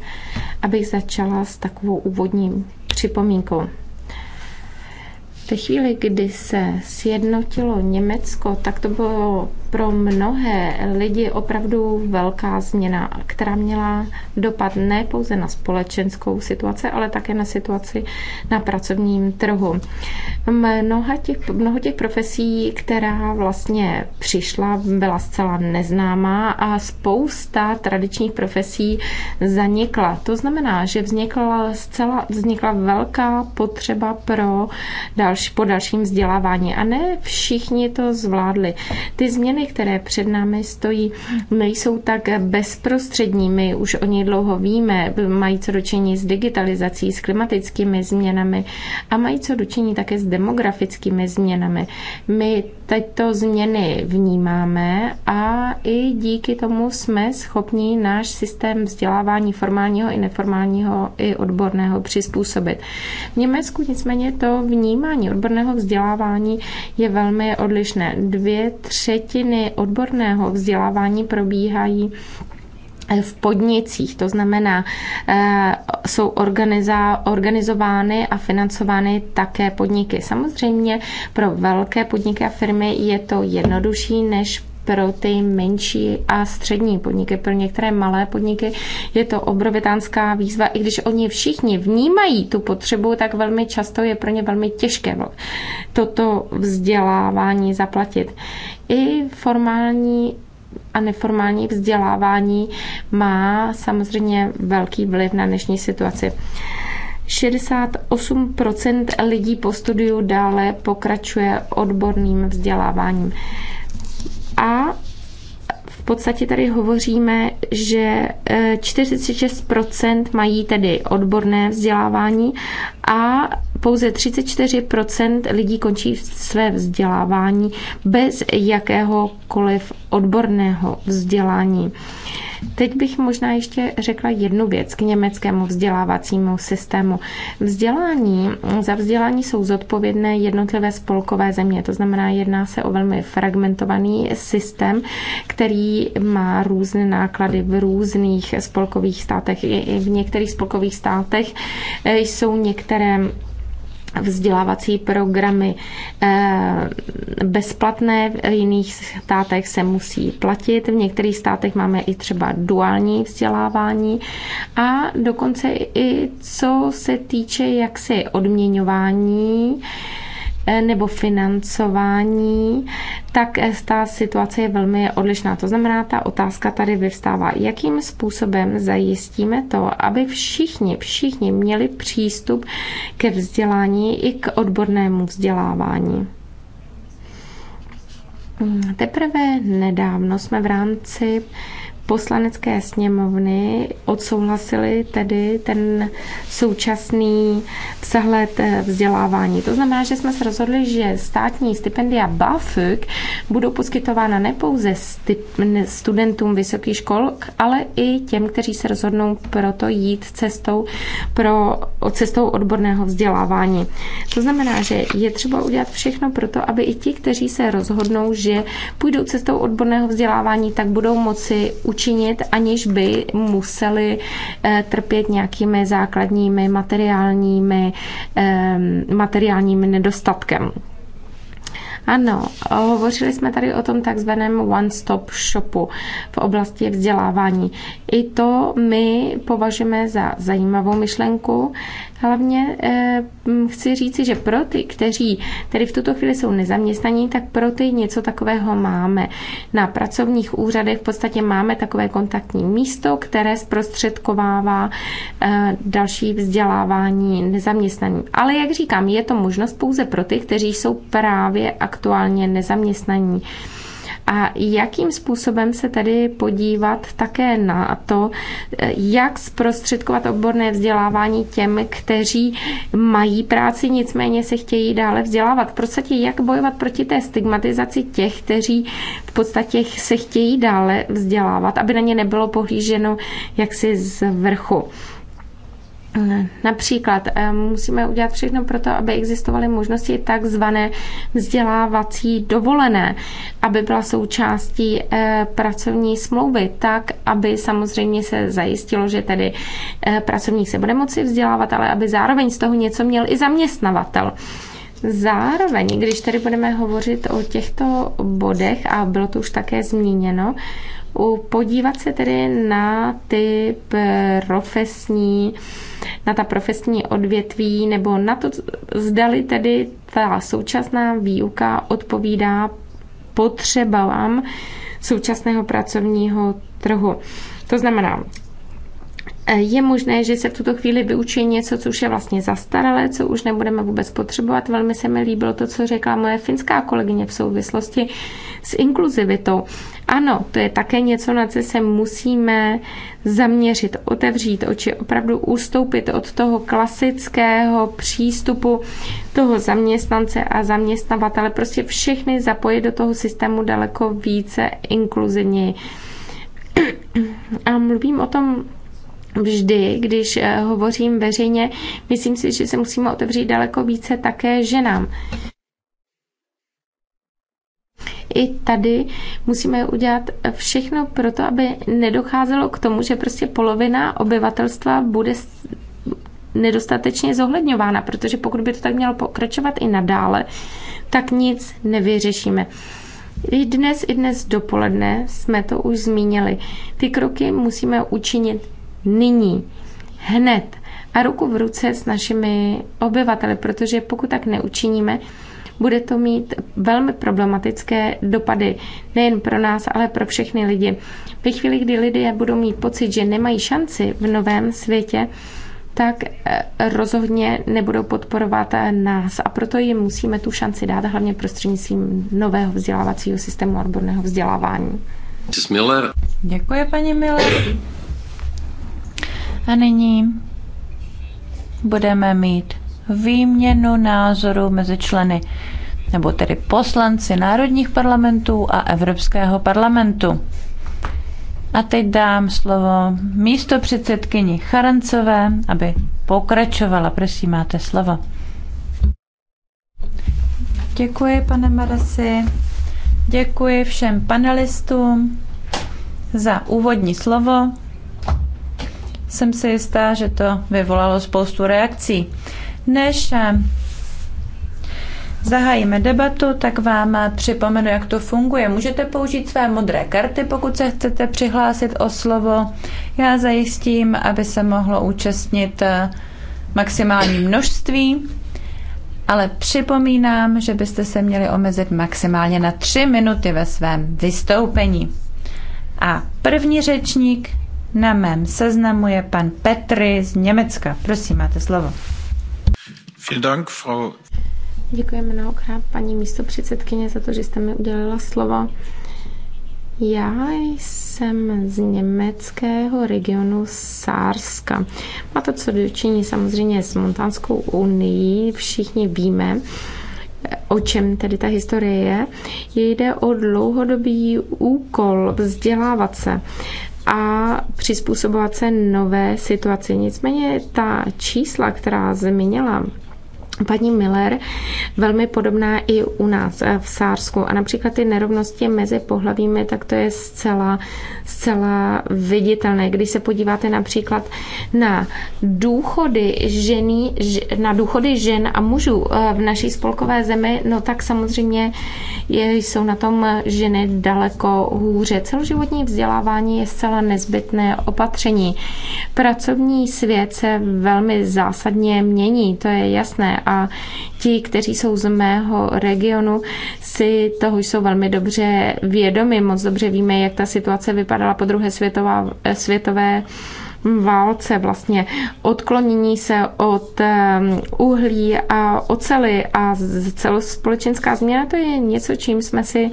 abych začala s takovou úvodním připomínkou. Ve chvíli, kdy se sjednotilo Německo, tak to bylo pro mnohé lidi opravdu velká změna, která měla dopad ne pouze na společenskou situaci, ale také na situaci na pracovním trhu. Mnoha těch, mnoho těch profesí, která vlastně přišla, byla zcela neznámá a spousta tradičních profesí zanikla. To znamená, že vznikla, zcela, vznikla velká potřeba pro další dalš, po dalším vzdělávání. A ne všichni to zvládli. Ty změny, které před námi stojí, nejsou tak bezprostřední. My už o ně dlouho víme, mají co dočení s digitalizací, s klimatickými změnami a mají co dočení také s demografickými změnami. My tyto změny vnímáme a i díky tomu jsme schopni náš systém vzdělávání formálního i neformálního i odborného přizpůsobit. V Německu nicméně to vnímání odborného vzdělávání je velmi odlišné. Dvě třetiny odborného vzdělávání probíhají eh, v podnicích, to znamená, eh, jsou organizovány a financovány také podniky. Samozřejmě pro velké podniky a firmy je to jednodušší než pro ty menší a střední podniky. Pro některé malé podniky je to obrovitánská výzva. I když oni všichni vnímají tu potřebu, tak velmi často je pro ně velmi těžké toto vzdělávání zaplatit. I formální a neformální vzdělávání má samozřejmě velký vliv na dnešní situaci. 68% lidí po studiu dále pokračuje odborným vzděláváním. A v podstatě tady hovoříme, že 46% e, mají tedy odborné vzdělávání a pouze 34% lidí končí své vzdělávání bez jakéhokoliv odborného vzdělání. Teď bych možná ještě řekla jednu věc k německému vzdělávacímu systému. Vzdělání, za vzdělání jsou zodpovědné jednotlivé spolkové země, to znamená, jedná se o velmi fragmentovaný systém, který má různé náklady v různých spolkových státech. I v některých spolkových státech e, jsou některé vzdělávací programy eh, bezplatné, v jiných státech se musí platit, v některých státech máme i třeba duální vzdělávání a dokonce i co se týče jaksi odměňování, E, nebo financování, tak e, ta situace je velmi odlišná. To znamená, ta otázka tady vyvstává, jakým způsobem zajistíme to, aby všichni, všichni měli přístup ke vzdělání i k odbornému vzdělávání. Hmm, teprve nedávno jsme v rámci poslanecké sněmovny odsouhlasili tedy ten současný vzhled eh, vzdělávání. To znamená, že jsme se rozhodli, že státní stipendia BAföG budou poskytována nepouze studentům vysokých škol, ale i těm, kteří se rozhodnou proto jít cestou, pro, cestou odborného vzdělávání. To znamená, že je třeba udělat všechno pro to, aby i ti, kteří se rozhodnou, že půjdou cestou odborného vzdělávání, tak budou moci učit učinit, aniž by museli eh, trpět nějakými základními materiálními, ehm, materiálním nedostatkem. Ano, hovořili jsme tady o tom takzvaném one-stop shopu v oblasti vzdělávání. I to my považujeme za zajímavou myšlenku. Hlavně eh, chci říci, že pro ty, kteří tedy v tuto chvíli jsou nezaměstnaní, tak pro ty něco takového máme. Na pracovních úřadech v podstatě máme takové kontaktní místo, které zprostředkovává eh, další vzdělávání nezaměstnaným. Ale jak říkám, je to možnost pouze pro ty, kteří jsou právě aktuálně nezaměstnaní. Eh, a jakým způsobem se tedy podívat také na to, jak zprostředkovat odborné vzdělávání těm, kteří mají práci, nicméně se chtějí dále vzdělávat. V podstatě jak bojovat proti té stigmatizaci těch, kteří v podstatě se chtějí dále vzdělávat, aby na ně nebylo pohlíženo jaksi z vrchu. Například eh, musíme udělat všechno pro to, aby existovaly možnosti takzvané vzdělávací dovolené, aby byla součástí eh, pracovní smlouvy, tak, aby samozřejmě se zajistilo, že tedy eh, pracovník se bude moci vzdělávat, ale aby zároveň z toho něco měl i zaměstnavatel. Zároveň, když tedy budeme hovořit o těchto bodech, a bylo to už také zmíněno, podívat se tedy na ty profesní, na ta profesní odvětví nebo na to, zdali tedy ta současná výuka odpovídá potřebám současného pracovního trhu. To znamená, je možné, že se v tuto chvíli vyučí něco, co už je vlastně zastaralé, co už nebudeme vůbec potřebovat. Velmi se mi líbilo to, co řekla moje finská kolegyně v souvislosti s inkluzivitou. Ano, to je také něco, na co se musíme zaměřit, otevřít oči, opravdu ustoupit od toho klasického přístupu toho zaměstnance a zaměstnavatele, prostě všechny zapojit do toho systému daleko více inkluzivně. A mluvím o tom vždy, když eh, hovořím veřejně, myslím si, že se musíme otevřít daleko více také ženám i tady musíme udělat všechno pro to, aby nedocházelo k tomu, že prostě polovina obyvatelstva bude nedostatečně zohledňována, protože pokud by to tak mělo pokračovat i nadále, tak nic nevyřešíme. I dnes, i dnes dopoledne jsme to už zmínili. Ty kroky musíme učinit nyní, hned a ruku v ruce s našimi obyvateli, protože pokud tak neučiníme, bude to mít velmi problematické dopady nejen pro nás, ale pro všechny lidi. Ve chvíli, kdy lidé budou mít pocit, že nemají šanci v novém světě, tak eh, rozhodně nebudou podporovat eh, nás. A proto jim musíme tu šanci dát, hlavně prostřednictvím nového vzdělávacího systému odborného vzdělávání. Miller. Děkuji, paní Miller. A nyní budeme mít
výměnu názorů mezi členy nebo tedy poslanci národních parlamentů a Evropského parlamentu. A teď dám slovo místo předsedkyni Charancové, aby pokračovala. Prosím, máte slovo. Děkuji, pane Marasi. Děkuji všem panelistům za úvodní slovo. Jsem si jistá, že to vyvolalo spoustu reakcí. Než eh, zahájíme debatu, tak vám eh, připomenu, jak to funguje. Můžete použít své modré karty, pokud se chcete přihlásit o slovo. Já zajistím, aby se mohlo účastnit eh, maximální množství, ale připomínám, že byste se měli omezit maximálně na tři minuty ve svém vystoupení. A první řečník na mém seznamu je pan Petry z Německa. Prosím, máte slovo.
Děkuji mnohokrát, paní místo předsedkyně, za to, že jste mi udělala slovo. Já jsem z německého regionu Sárska. Má to co dočiní samozřejmě s Montánskou unii. Všichni víme, o čem tedy ta historie je. Jde o dlouhodobý úkol vzdělávat se a přizpůsobovat se nové situaci. Nicméně ta čísla, která zmínila paní Miller velmi podobná i u nás eh, v Sársku. A například ty nerovnosti mezi pohlavími, tak to je zcela, zcela viditelné. Když se podíváte například na důchody, ženy, na důchody žen a mužů eh, v naší spolkové zemi, no tak samozřejmě je, jsou na tom ženy daleko hůře. Celoživotní vzdělávání je zcela nezbytné opatření. Pracovní svět se velmi zásadně mění, to je jasné a ti, kteří jsou z mého regionu, si toho jsou velmi dobře vědomi. Moc dobře víme, jak ta situace vypadala po druhé světová, světové válce, vlastně odklonění se od uhlí a ocely a celospolečenská změna, to je něco, čím jsme si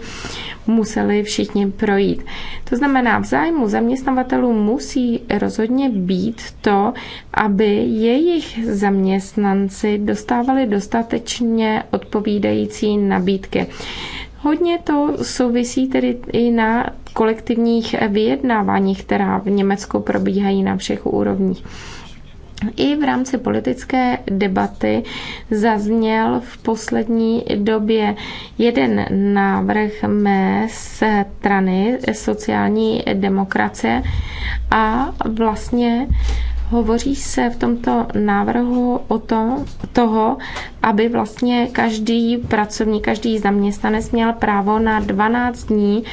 museli všichni projít. To znamená, v zájmu zaměstnavatelů musí rozhodně být to, aby jejich zaměstnanci dostávali dostatečně odpovídající nabídky. Hodně to souvisí tedy i na kolektivních vyjednáváních, která v Německu probíhají na všech úrovních. I v rámci politické debaty zazněl v poslední době jeden návrh mé strany sociální demokracie a vlastně Hovoří se v tomto návrhu o to, toho, aby vlastně každý pracovník, každý zaměstnanec měl právo na 12 dní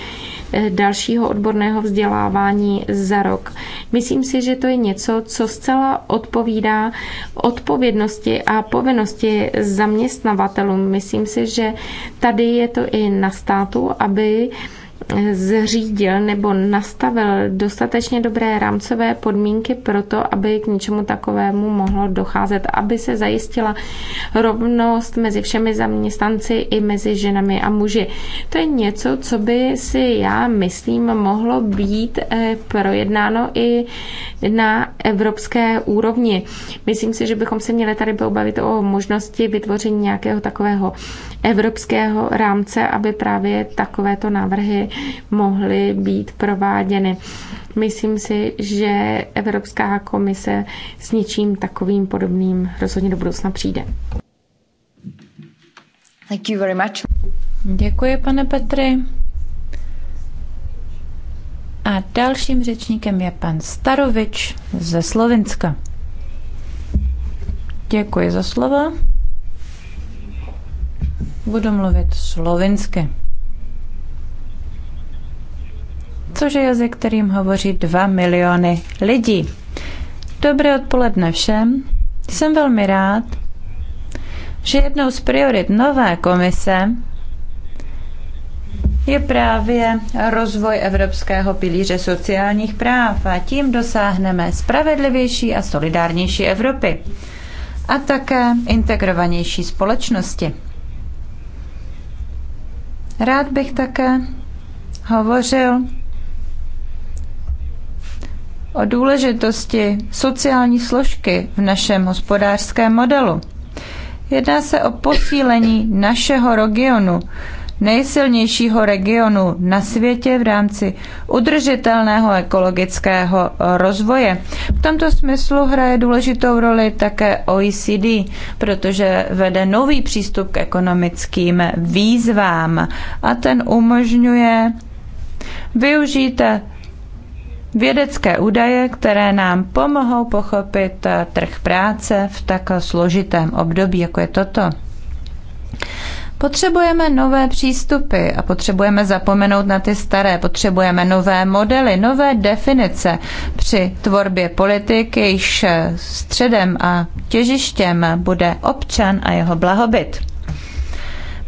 eh, dalšího odborného vzdělávání za rok. Myslím si, že to je něco, co zcela odpovídá odpovědnosti a povinnosti zaměstnavatelům. Myslím si, že tady je to i na státu, aby zřídil nebo nastavil dostatečně dobré rámcové podmínky pro to, aby k něčemu takovému mohlo docházet, aby se zajistila rovnost mezi všemi zaměstnanci i mezi ženami a muži. To je něco, co by si já myslím mohlo být eh, projednáno i na evropské úrovni. Myslím si, že bychom se měli tady pobavit o možnosti vytvoření nějakého takového evropského rámce, aby právě takovéto návrhy mohly být prováděny. Myslím si, že Evropská komise s něčím takovým podobným rozhodně do budoucna přijde. Thank you very much. Děkuji, pane Petry.
A dalším řečníkem je pan Starovič ze Slovenska. Děkuji za slovo. Budu mluvit slovinsky což je jazyk, kterým hovoří 2 miliony lidí. Dobré odpoledne všem. Jsem velmi rád, že jednou z priorit nové komise je právě rozvoj Evropského pilíře sociálních práv a tím dosáhneme spravedlivější a solidárnější Evropy a také integrovanější společnosti. Rád bych také hovořil o důležitosti sociální složky v našem hospodářském modelu. Jedná se o posílení našeho regionu, nejsilnějšího regionu na světě v rámci udržitelného ekologického rozvoje. V tomto smyslu hraje důležitou roli také OECD, protože vede nový přístup k ekonomickým výzvám a ten umožňuje využít vědecké údaje, které nám pomohou pochopit eh, trh práce v tak složitém období, jako je toto. Potřebujeme nové přístupy a potřebujeme zapomenout na ty staré, potřebujeme nové modely, nové definice při tvorbě politiky, jejíž středem a těžištěm bude občan a jeho blahobyt.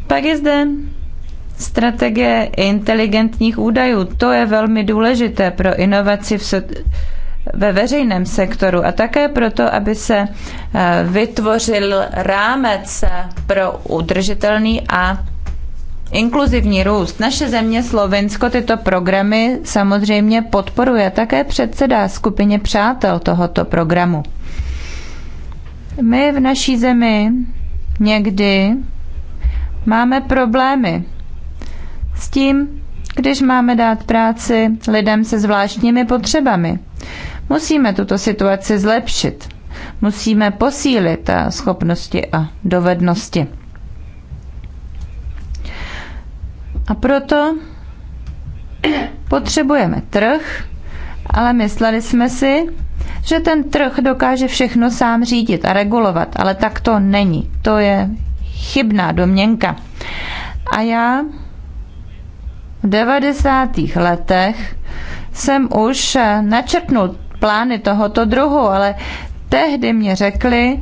Pak je zde Strategie inteligentních údajů, to je velmi důležité pro inovaci v so- ve veřejném sektoru a také proto, aby se eh, vytvořil rámec eh, pro udržitelný a inkluzivní růst. Naše země Slovinsko tyto programy samozřejmě podporuje také předseda skupině přátel tohoto programu. My v naší zemi někdy máme problémy s tím, když máme dát práci lidem se zvláštními potřebami. Musíme tuto situaci zlepšit. Musíme posílit schopnosti a dovednosti. A proto potřebujeme trh, ale mysleli jsme si, že ten trh dokáže všechno sám řídit a regulovat, ale tak to není. To je chybná domněnka. A já v 90. letech jsem už eh, načrtnul plány tohoto druhu, ale tehdy mě řekli,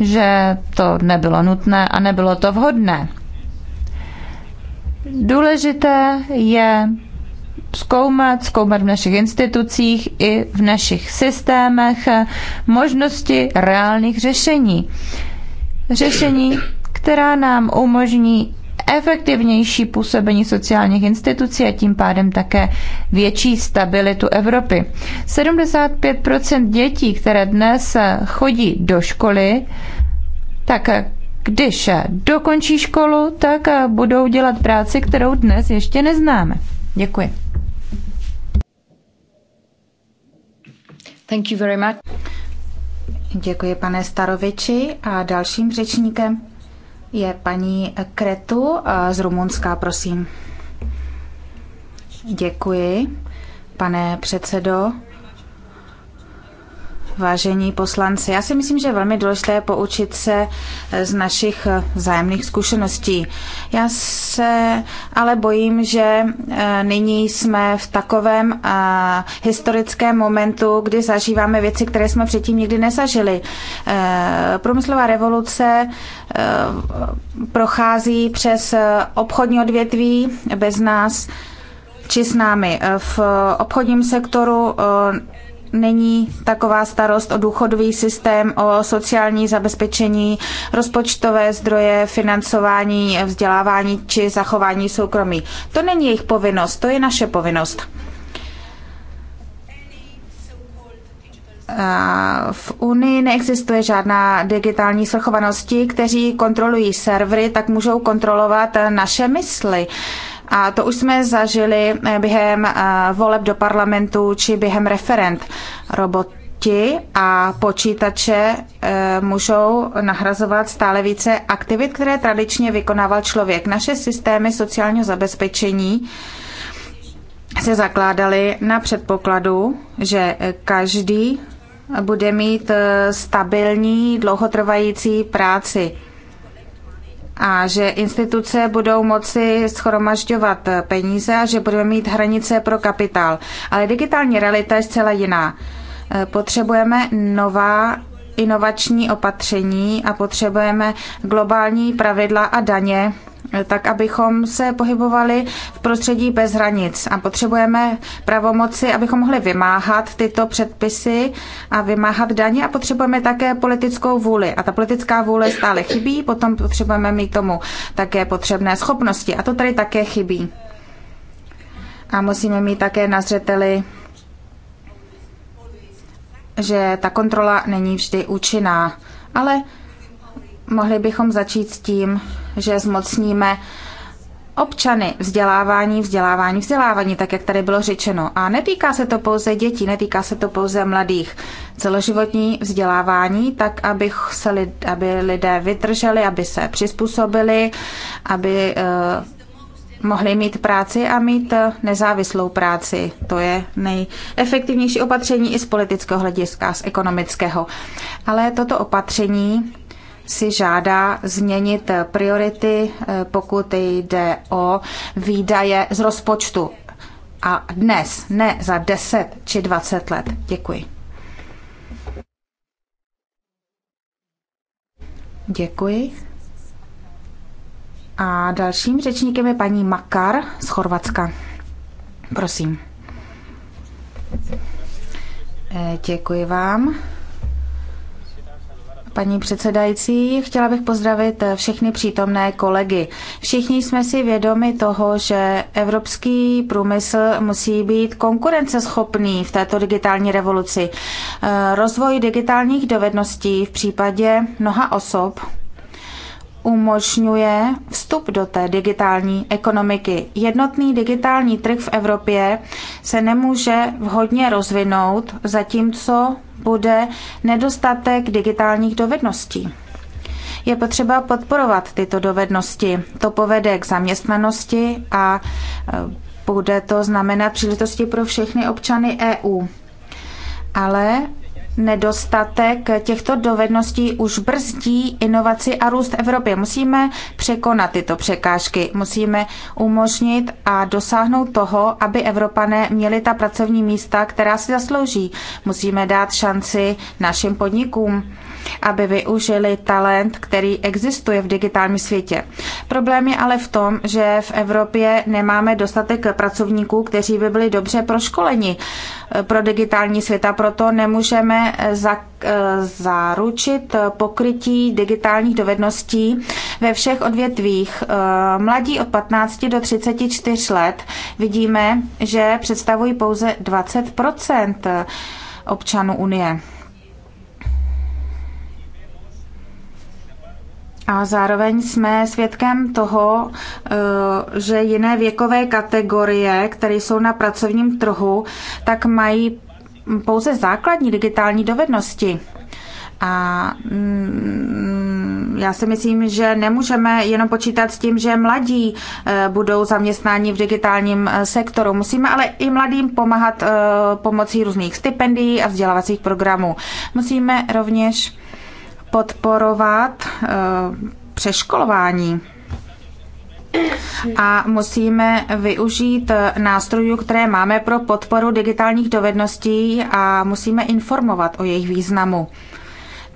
že to nebylo nutné a nebylo to vhodné. Důležité je zkoumat, zkoumat v našich institucích i v našich systémech eh, možnosti reálných řešení. Řešení, která nám umožní efektivnější působení sociálních institucí a tím pádem také větší stabilitu Evropy. 75 dětí, které dnes chodí do školy, tak když dokončí školu, tak budou dělat práci, kterou dnes ještě neznáme. Děkuji.
Thank you very much. Děkuji, pane Staroviči. A dalším řečníkem je paní Kretu eh, z Rumunska, prosím. Děkuji, pane předsedo vážení poslanci. Já si myslím, že je velmi důležité poučit se eh, z našich eh, zájemných zkušeností. Já se ale bojím, že eh, nyní jsme v takovém historickém momentu, kdy zažíváme věci, které jsme předtím nikdy nezažili. Průmyslová revoluce prochází přes obchodní odvětví bez nás či s námi. V obchodním sektoru není taková starost o důchodový systém, o sociální zabezpečení, rozpočtové zdroje, financování, vzdělávání či zachování soukromí. To není jejich povinnost, to je naše povinnost. V Unii neexistuje žádná digitální svrchovanosti, kteří kontrolují servery, tak můžou kontrolovat naše mysli. A to už jsme zažili eh, během eh, voleb do parlamentu či během referent. Roboti a počítače eh, můžou nahrazovat stále více aktivit, které tradičně vykonával člověk. Naše systémy sociálního zabezpečení se zakládaly na předpokladu, že každý bude mít stabilní, dlouhotrvající práci a že instituce budou moci schromažďovat peníze a že budeme mít hranice pro kapitál. Ale digitální realita je zcela jiná. E, potřebujeme nová inovační opatření a potřebujeme globální pravidla a daně tak abychom se pohybovali v prostředí bez hranic a potřebujeme pravomoci, abychom mohli vymáhat tyto předpisy a vymáhat daně a potřebujeme také politickou vůli. A ta politická vůle stále chybí, potom potřebujeme mít tomu také potřebné schopnosti a to tady také chybí. A musíme mít také na zřeteli že ta kontrola není vždy účinná, ale mohli bychom začít s tím, že zmocníme občany vzdělávání, vzdělávání, vzdělávání, tak jak tady bylo řečeno. A netýká se to pouze dětí, netýká se to pouze mladých. Celoživotní vzdělávání, tak aby, se lid, aby lidé vydrželi, aby se přizpůsobili, aby uh, mohli mít práci a mít eh, nezávislou práci. To je nejefektivnější opatření i z politického hlediska, z ekonomického. Ale toto opatření si žádá změnit priority, eh, pokud jde o výdaje z rozpočtu. A dnes, ne za 10 či 20 let. Děkuji. Děkuji. A dalším řečníkem je paní Makar z Chorvatska. Prosím. Eh, děkuji vám paní předsedající. Chtěla bych pozdravit eh, všechny přítomné kolegy. Všichni jsme si vědomi toho, že evropský průmysl musí být konkurenceschopný v této digitální revoluci. Eh, Rozvoj digitálních dovedností v případě mnoha osob umožňuje vstup do té digitální ekonomiky. Jednotný digitální trh v Evropě se nemůže vhodně rozvinout, zatímco bude nedostatek digitálních dovedností. Je potřeba podporovat tyto dovednosti. To povede k zaměstnanosti a e, bude to znamenat příležitosti pro všechny občany EU. Ale Nedostatek těchto dovedností už brzdí inovaci a růst Evropy. Musíme překonat tyto překážky, musíme umožnit a dosáhnout toho, aby Evropané měli ta pracovní místa, která si zaslouží. Musíme dát šanci našim podnikům aby využili talent, který existuje v digitálním světě. Problém je ale v tom, že v Evropě nemáme dostatek pracovníků, kteří by byli dobře proškoleni eh, pro digitální svět a proto nemůžeme eh, za, eh, zaručit pokrytí digitálních dovedností ve všech odvětvích. Mladí od 15 do 34 let vidíme, že představují pouze 20 občanů Unie. A zároveň jsme svědkem toho, eh, že jiné věkové kategorie, které jsou na pracovním trhu, tak mají pouze základní digitální dovednosti. A mm, já si myslím, že nemůžeme jenom počítat s tím, že mladí eh, budou zaměstnáni v digitálním eh, sektoru. Musíme ale i mladým pomáhat pomocí různých stipendií a vzdělávacích programů. Musíme rovněž podporovat eh, přeškolování a musíme využít eh, nástrojů, které máme pro podporu digitálních dovedností a musíme informovat o jejich významu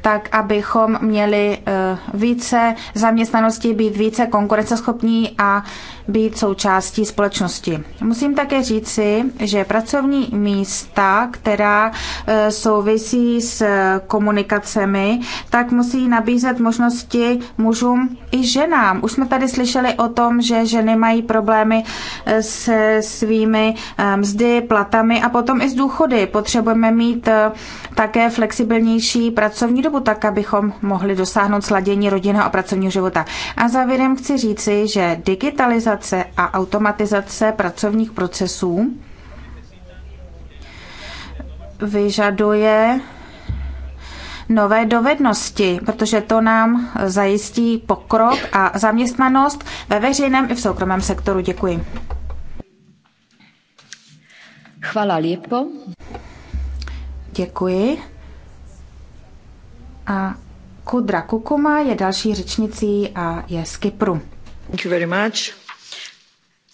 tak abychom měli eh, více zaměstnanosti, být více konkurenceschopní a být součástí společnosti. Musím také říci, že pracovní místa, která eh, souvisí s eh, komunikacemi, tak musí nabízet možnosti mužům i ženám. Už jsme tady slyšeli o tom, že ženy mají problémy se svými mzdy, platami a potom i s důchody. Potřebujeme mít také flexibilnější pracovní dobu dobu, tak abychom mohli dosáhnout sladění rodinného a pracovního života. A závěrem chci říci, že digitalizace a automatizace pracovních procesů vyžaduje nové dovednosti, protože to nám zajistí pokrok a zaměstnanost ve veřejném i v soukromém sektoru. Děkuji. Chvala lípo. Děkuji. A Kudra Kukuma je další řečnicí a je z Kypru. Thank you very much.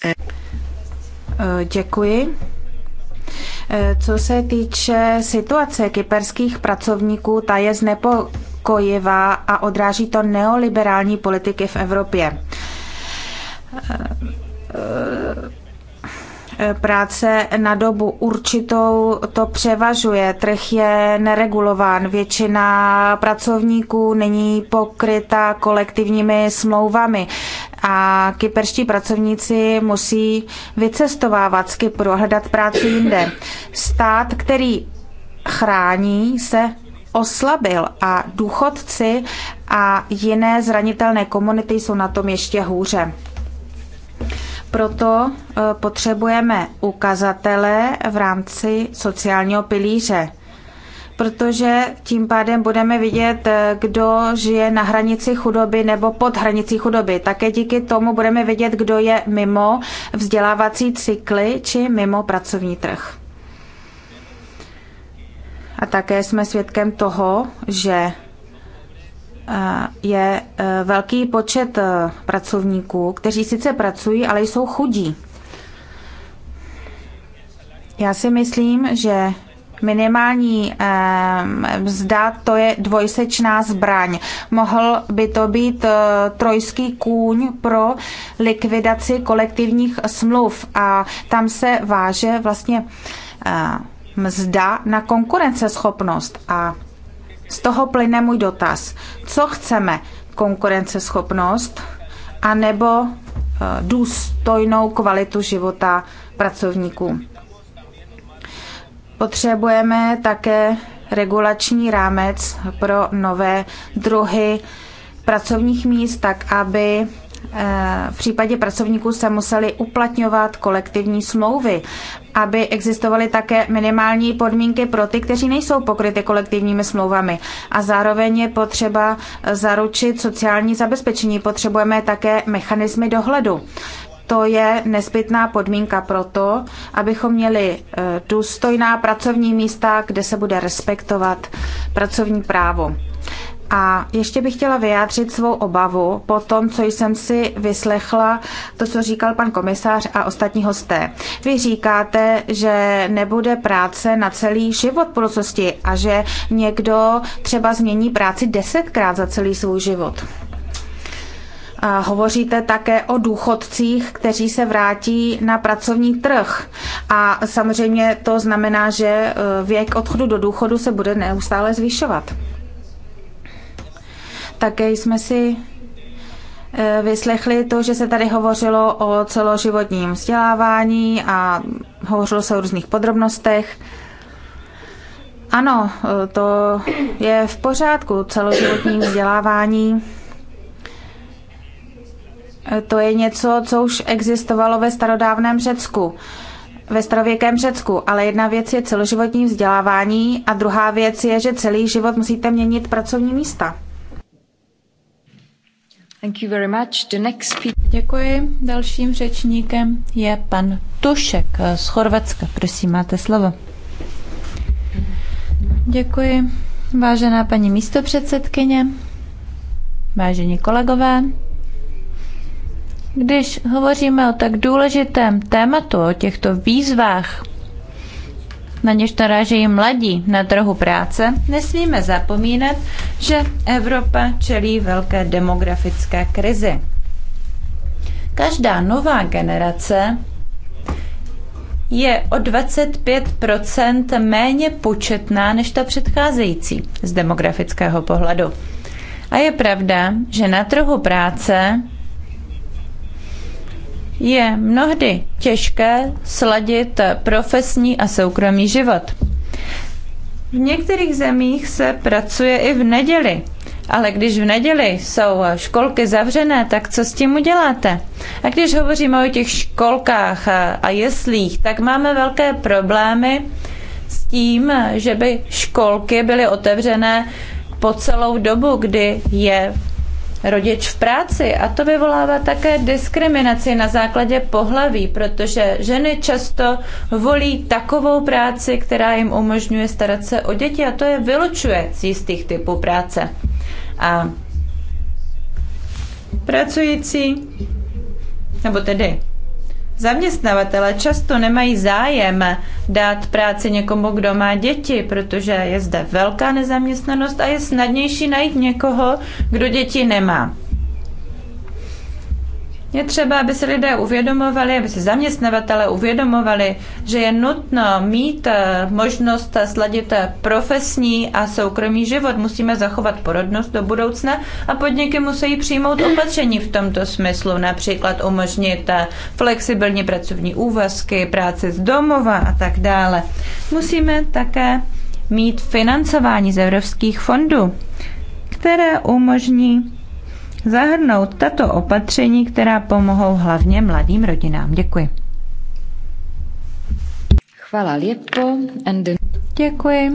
Eh, děkuji. Eh, co se týče situace kyperských pracovníků, ta je znepokojivá a odráží to neoliberální politiky v Evropě
eh,
Eh, práce na dobu určitou to převažuje. Trh je neregulován. Většina pracovníků není pokryta kolektivními smlouvami a kyperští pracovníci musí vycestovávat z Kypru a hledat práci jinde. Stát, který chrání, se oslabil a důchodci a jiné zranitelné komunity jsou na tom ještě hůře. Proto e, potřebujeme ukazatele v rámci sociálního pilíře, protože tím pádem budeme vidět, e, kdo žije na hranici chudoby nebo pod hranicí chudoby. Také díky tomu budeme vidět, kdo je mimo vzdělávací cykly či mimo pracovní trh. A také jsme svědkem toho, že je e, velký počet e, pracovníků, kteří sice pracují, ale jsou chudí. Já si myslím, že minimální e, mzda to je dvojsečná zbraň. Mohl by to být trojský kůň pro likvidaci kolektivních smluv a tam se váže vlastně mzda na konkurenceschopnost a z toho plyne můj dotaz. Co chceme? Konkurenceschopnost anebo eh, důstojnou kvalitu života pracovníků? Potřebujeme také regulační rámec pro nové druhy pracovních míst, tak aby v případě pracovníků se museli uplatňovat kolektivní smlouvy, aby existovaly také minimální podmínky pro ty, kteří nejsou pokryty kolektivními smlouvami. A zároveň je potřeba zaručit sociální zabezpečení. Potřebujeme také mechanismy dohledu. To je nezbytná podmínka pro to, abychom měli eh, důstojná pracovní místa, kde se bude respektovat pracovní právo. A ještě bych chtěla vyjádřit svou obavu po tom, co jsem si vyslechla, to, co říkal pan komisář a ostatní hosté. Vy říkáte, že nebude práce na celý život v budoucnosti a že někdo třeba změní práci desetkrát za celý svůj život. A hovoříte také o důchodcích, kteří se vrátí na pracovní trh. A samozřejmě to znamená, že e, věk odchodu do důchodu se bude neustále zvyšovat. Také jsme si e, vyslechli to, že se tady hovořilo o celoživotním vzdělávání a hovořilo se o různých podrobnostech. Ano, e, to je v pořádku, celoživotní vzdělávání. E, to je něco, co už existovalo ve starodávném Řecku, ve starověkém Řecku, ale jedna věc je celoživotní vzdělávání a druhá věc je, že celý život musíte měnit pracovní místa.
Thank you very much. The next Děkuji. Dalším řečníkem
je pan
Tušek z Chorvatska. Prosím, máte slovo. Děkuji. Vážená paní místopředsedkyně, vážení kolegové, když hovoříme o tak důležitém tématu, o těchto výzvách, na něž narážejí mladí na trhu práce, nesmíme zapomínat, že Evropa čelí velké demografické krizi. Každá nová generace je o 25 méně početná než ta předcházející z demografického pohledu. A je pravda, že na trhu práce je mnohdy těžké sladit profesní a soukromý život. V některých zemích se pracuje i v neděli, ale když v neděli jsou školky zavřené, tak co s tím uděláte? A když hovoříme o těch školkách a jeslích, tak máme velké problémy s tím, že by školky byly otevřené po celou dobu, kdy je rodič v práci a to vyvolává také diskriminaci na základě pohlaví, protože ženy často volí takovou práci, která jim umožňuje starat se o děti a to je vylučuje z jistých typů práce. A pracující, nebo tedy Zaměstnavatele často nemají zájem dát práci někomu, kdo má děti, protože je zde velká nezaměstnanost a je snadnější najít někoho, kdo děti nemá. Je třeba, aby se lidé uvědomovali, aby se zaměstnavatele uvědomovali, že je nutno mít eh, možnost sladit eh, profesní a soukromý život. Musíme zachovat porodnost do budoucna a podniky musí přijmout opatření v tomto smyslu, například umožnit eh, flexibilní pracovní úvazky, práci z domova a tak dále. Musíme také mít financování z evropských fondů, které umožní zahrnout tato opatření, která pomohou hlavně mladým rodinám. Děkuji.
Chvala Liepo. And... Děkuji.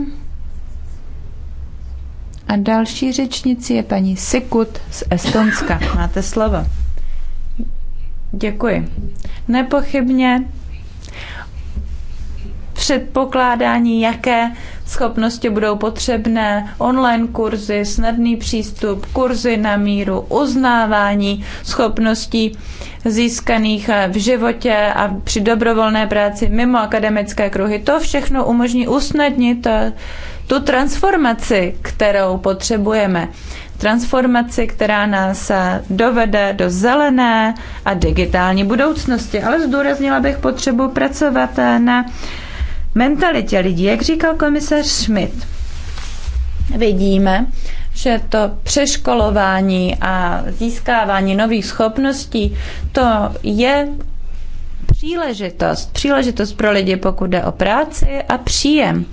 A další řečnici je paní Sikut z Estonska. Máte slovo. Děkuji. Nepochybně předpokládání, jaké schopnosti budou potřebné, online kurzy, snadný přístup, kurzy na míru, uznávání schopností získaných v životě a při dobrovolné práci mimo akademické kruhy. To všechno umožní usnadnit eh, tu transformaci, kterou potřebujeme. Transformaci, která nás eh, dovede do zelené a digitální budoucnosti. Ale zdůraznila bych potřebu pracovat eh, na mentalitě lidí. Jak říkal komisař Schmidt, vidíme, že to přeškolování a získávání nových schopností, to je příležitost. Příležitost pro lidi, pokud jde o práci a příjem.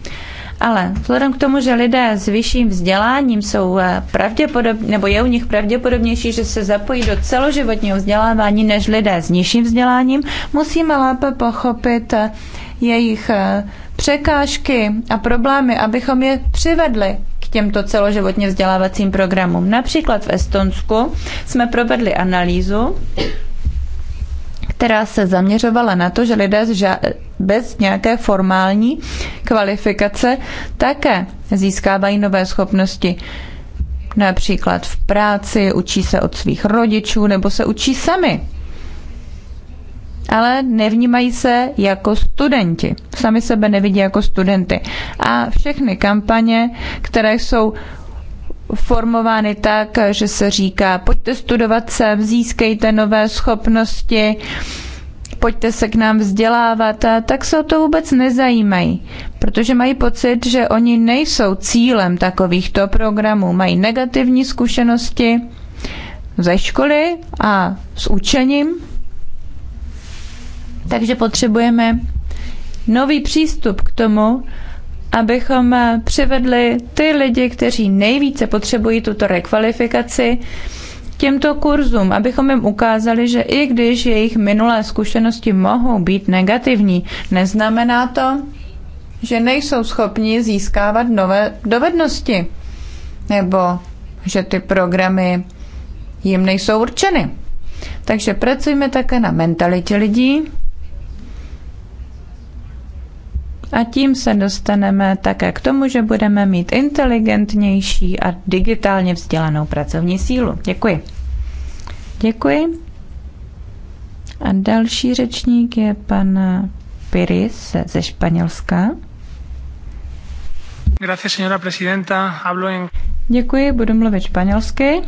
Ale vzhledem k tomu, že lidé s vyšším vzděláním jsou eh, pravděpodobně, nebo je u nich pravděpodobnější, že se zapojí do celoživotního vzdělávání než lidé s nižším vzděláním, musíme lépe pochopit eh, jejich eh, překážky a problémy, abychom je přivedli k těmto celoživotně vzdělávacím programům. Například v Estonsku jsme provedli analýzu která se zaměřovala na to, že lidé bez nějaké formální kvalifikace také získávají nové schopnosti. Například v práci, učí se od svých rodičů nebo se učí sami ale nevnímají se jako studenti. Sami sebe nevidí jako studenty. A všechny kampaně, které jsou formovány tak, že se říká, pojďte studovat sem, získejte nové schopnosti, pojďte se k nám vzdělávat, tak se o to vůbec nezajímají, protože mají pocit, že oni nejsou cílem takovýchto programů, mají negativní zkušenosti ze školy a s učením, takže potřebujeme nový přístup k tomu, abychom eh, přivedli ty lidi, kteří nejvíce potřebují tuto rekvalifikaci, těmto kurzům, abychom jim ukázali, že i když jejich minulé zkušenosti mohou být negativní, neznamená to, že nejsou schopni získávat nové dovednosti nebo že ty programy jim nejsou určeny. Takže pracujme také na mentalitě lidí, a tím se dostaneme také k tomu, že budeme mít inteligentnější a digitálně vzdělanou pracovní sílu. Děkuji. Děkuji. A další řečník je pan Piris ze Španělska.
Gracias, señora presidenta. Hablo en...
Děkuji, budu mluvit španělsky.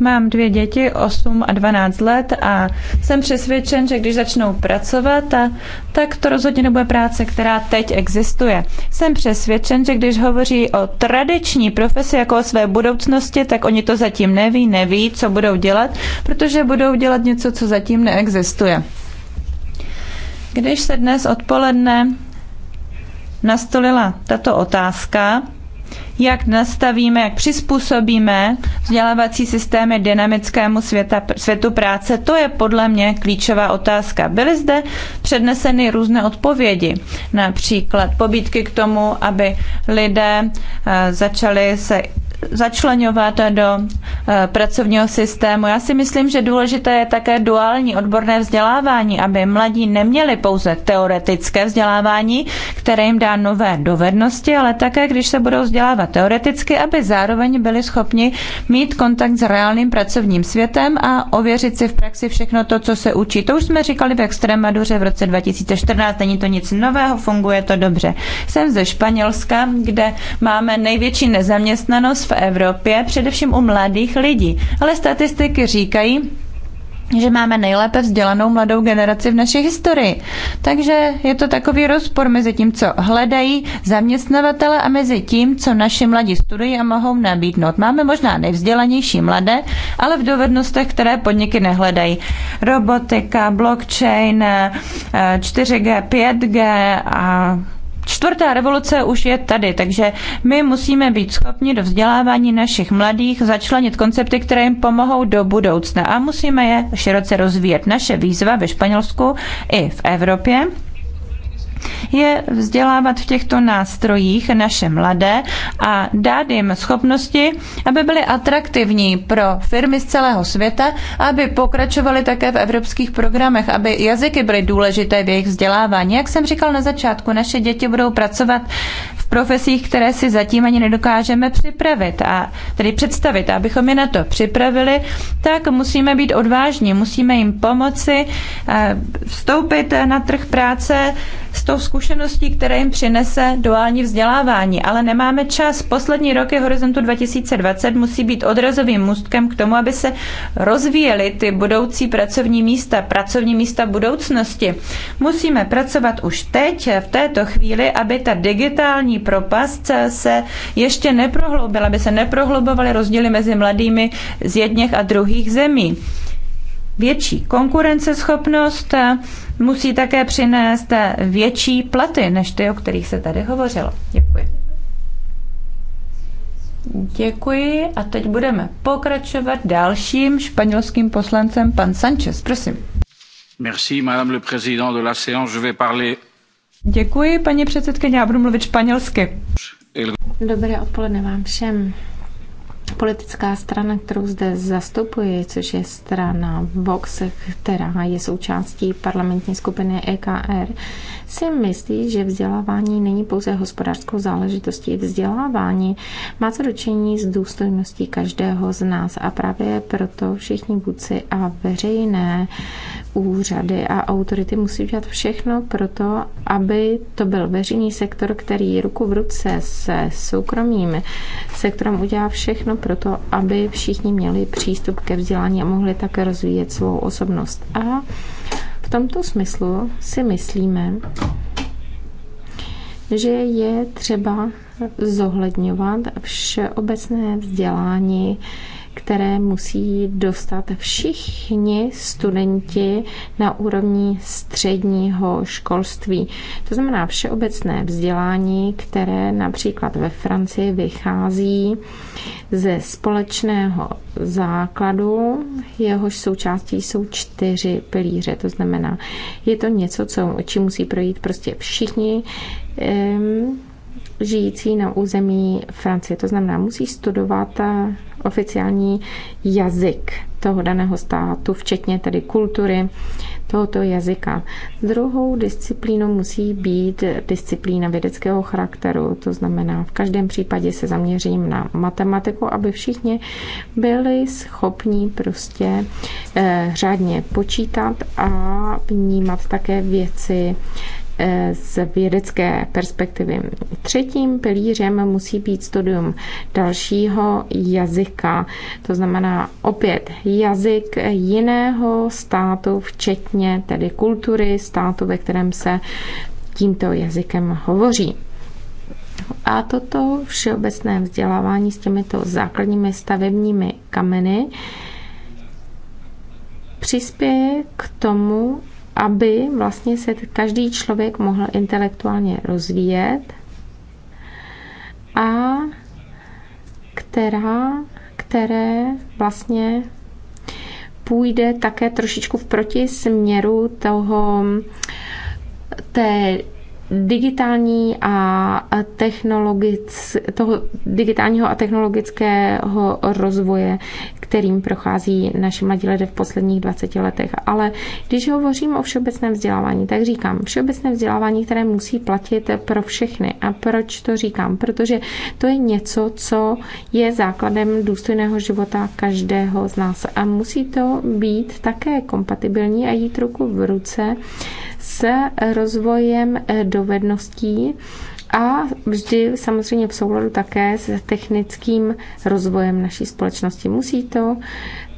Mám dvě děti, 8 a 12 let a jsem přesvědčen, že když začnou pracovat, a, tak to rozhodně nebude práce, která teď existuje. Jsem přesvědčen, že když hovoří o tradiční profesi jako o své budoucnosti, tak oni to zatím neví, neví, co budou dělat, protože budou dělat něco, co zatím neexistuje. Když se dnes odpoledne nastolila tato otázka, jak nastavíme, jak přizpůsobíme vzdělávací systémy dynamickému světa, světu práce, to je podle mě klíčová otázka. Byly zde předneseny různé odpovědi, například pobídky k tomu, aby lidé eh, začali se začlenovat do eh, pracovního systému. Já si myslím, že důležité je také duální odborné vzdělávání, aby mladí neměli pouze teoretické vzdělávání, které jim dá nové dovednosti, ale také, když se budou vzdělávat teoreticky, aby zároveň byli schopni mít kontakt s reálným pracovním světem a ověřit si v praxi všechno to, co se učí. To už jsme říkali v Extremaduře v roce 2014, není to nic nového, funguje to dobře. Jsem ze Španělska, kde máme největší nezaměstnanost v Evropě, především u mladých lidí. Ale statistiky říkají, že máme nejlépe vzdělanou mladou generaci v naší historii. Takže je to takový rozpor mezi tím, co hledají zaměstnavatele a mezi tím, co naši mladí studují a mohou nabídnout. Máme možná nejvzdělanější mladé, ale v dovednostech, které podniky nehledají. Robotika, blockchain, 4G, eh, 5G a Čtvrtá revoluce už je tady, takže my musíme být schopni do vzdělávání našich mladých začlenit koncepty, které jim pomohou do budoucna a musíme je široce rozvíjet. Naše výzva ve Španělsku i v Evropě je vzdělávat v těchto nástrojích naše mladé a dát jim schopnosti, aby byly atraktivní pro firmy z celého světa, aby pokračovaly také v evropských programech, aby jazyky byly důležité v jejich vzdělávání. Jak jsem říkal na začátku, naše děti budou pracovat profesích, které si zatím ani nedokážeme připravit a tedy představit. abychom je na to připravili, tak musíme být odvážní, musíme jim pomoci eh, vstoupit na trh práce s tou zkušeností, které jim přinese duální vzdělávání. Ale nemáme čas. Poslední roky Horizontu 2020 musí být odrazovým můstkem k tomu, aby se rozvíjely ty budoucí pracovní místa, pracovní místa budoucnosti. Musíme pracovat už teď, v této chvíli, aby ta digitální sociální propast se ještě neprohloubila, aby se neprohlubovaly rozdíly mezi mladými z jedněch a druhých zemí. Větší konkurenceschopnost musí také přinést větší platy než ty, o kterých se tady hovořilo. Děkuji. Děkuji a teď budeme pokračovat dalším španělským poslancem, pan Sanchez, prosím.
Merci, madame le président de la séance. Je vais parler
Děkuji, paní předsedkyně, já budu mluvit španělsky. Dobré odpoledne vám všem. Politická strana, kterou zde zastupuji, což je strana Vox, která je součástí parlamentní skupiny EKR, si myslí, že vzdělávání není pouze hospodářskou záležitostí. Vzdělávání má co dočení s důstojností každého z nás a právě proto všichni vůdci a veřejné úřady a autority musí dělat všechno pro to, aby to byl veřejný sektor, který ruku v ruce se soukromým sektorem udělá všechno pro to, aby všichni měli přístup ke vzdělání a mohli také rozvíjet svou osobnost. A v tomto smyslu si myslíme, že je třeba zohledňovat všeobecné vzdělání které musí dostat všichni studenti na úrovni středního školství. To znamená všeobecné vzdělání, které například ve Francii vychází ze společného základu, jehož součástí jsou čtyři pilíře. To znamená, je to něco, co, čím musí projít prostě všichni žijící na území Francie. To znamená, musí studovat oficiální jazyk toho daného státu, včetně tedy kultury tohoto jazyka. Druhou disciplínou musí být disciplína vědeckého charakteru, to znamená v každém případě se zaměřím na matematiku, aby všichni byli schopni prostě eh, řádně počítat a vnímat také věci z vědecké perspektivy. Třetím pilířem musí být studium dalšího jazyka, to znamená opět jazyk jiného státu, včetně tedy kultury státu, ve kterém se tímto jazykem hovoří. A toto všeobecné vzdělávání s těmito základními stavebními kameny přispěje k tomu, aby vlastně se každý člověk mohl intelektuálně rozvíjet a která, které vlastně půjde také trošičku v protisměru toho, té digitální a technologic, toho digitálního a technologického rozvoje kterým prochází naše mladí lidé v posledních 20 letech. Ale když hovořím o všeobecném vzdělávání, tak říkám všeobecné vzdělávání, které musí platit pro všechny. A proč to říkám? Protože to je něco, co je základem důstojného života každého z nás. A musí to být také kompatibilní a jít ruku v ruce s rozvojem dovedností, a vždy samozřejmě v souladu také s technickým rozvojem naší společnosti. Musí to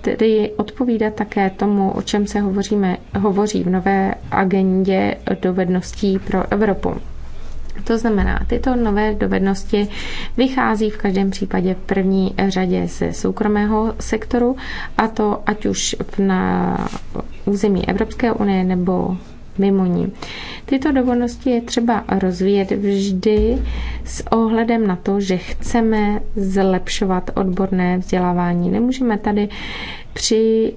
tedy odpovídat také tomu, o čem se hovoříme, hovoří v nové agendě dovedností pro Evropu. To znamená, tyto nové dovednosti vychází v každém případě v první řadě ze soukromého sektoru, a to ať už na území Evropské unie nebo mimo ní. Tyto dovolnosti je třeba rozvíjet vždy s ohledem na to, že chceme zlepšovat odborné vzdělávání. Nemůžeme tady při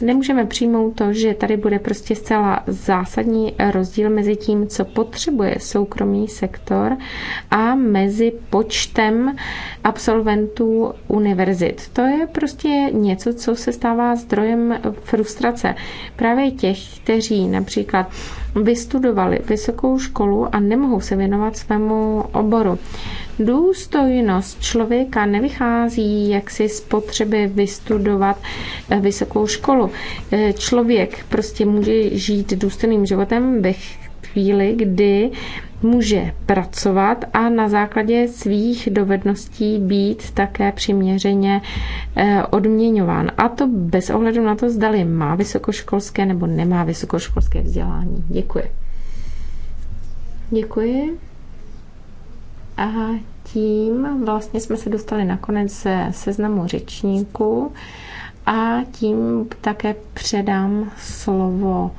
nemůžeme přijmout to, že tady bude prostě zcela zásadní rozdíl mezi tím, co potřebuje soukromý sektor a mezi počtem absolventů univerzit. To je prostě něco, co se stává zdrojem frustrace. Právě těch, kteří například vystudovali vysokou školu a nemohou se věnovat svému oboru důstojnost člověka nevychází jaksi z potřeby vystudovat eh, vysokou školu. Eh, člověk prostě může žít důstojným životem ve chvíli, kdy může pracovat a na základě svých dovedností být také přiměřeně eh, odměňován. A to bez ohledu na to, zdali má vysokoškolské nebo nemá vysokoškolské vzdělání. Děkuji. Děkuji. A tím vlastně jsme se dostali nakonec se seznamu řečníků a tím také předám slovo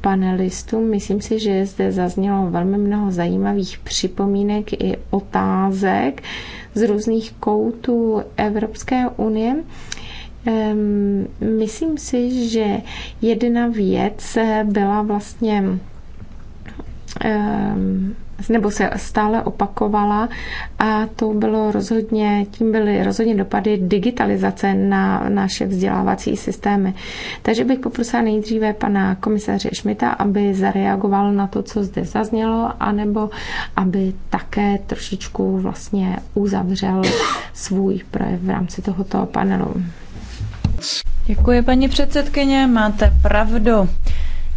panelistům. Myslím si, že zde zaznělo velmi mnoho zajímavých připomínek i otázek z různých koutů Evropské unie. Myslím si, že jedna věc byla vlastně nebo se stále opakovala a to bylo rozhodně, tím byly rozhodně dopady digitalizace na naše vzdělávací systémy. Takže bych poprosila nejdříve pana komisaře Šmita, aby zareagoval na to, co zde zaznělo, anebo aby také trošičku vlastně uzavřel svůj projev v rámci tohoto panelu.
Děkuji, paní předsedkyně, máte pravdu.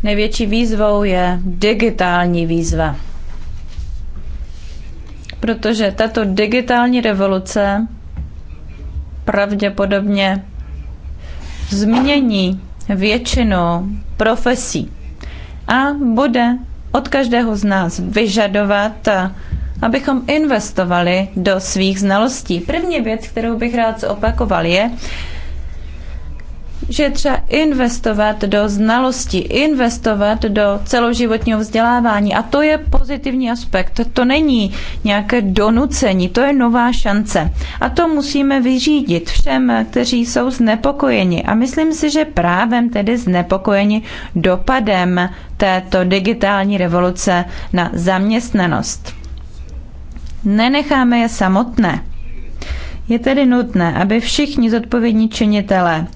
Největší výzvou je digitální výzva protože tato digitální revoluce pravděpodobně změní většinu profesí a bude od každého z nás vyžadovat, abychom investovali do svých znalostí. První věc, kterou bych rád zopakoval, je, že je třeba investovat do znalosti, investovat do celoživotního vzdělávání. A to je pozitivní aspekt. To není nějaké donucení, to je nová šance. A to musíme vyřídit všem, kteří jsou znepokojeni. A myslím si, že právem tedy znepokojeni dopadem této digitální revoluce na zaměstnanost. Nenecháme je samotné. Je tedy nutné, aby všichni zodpovědní činitelé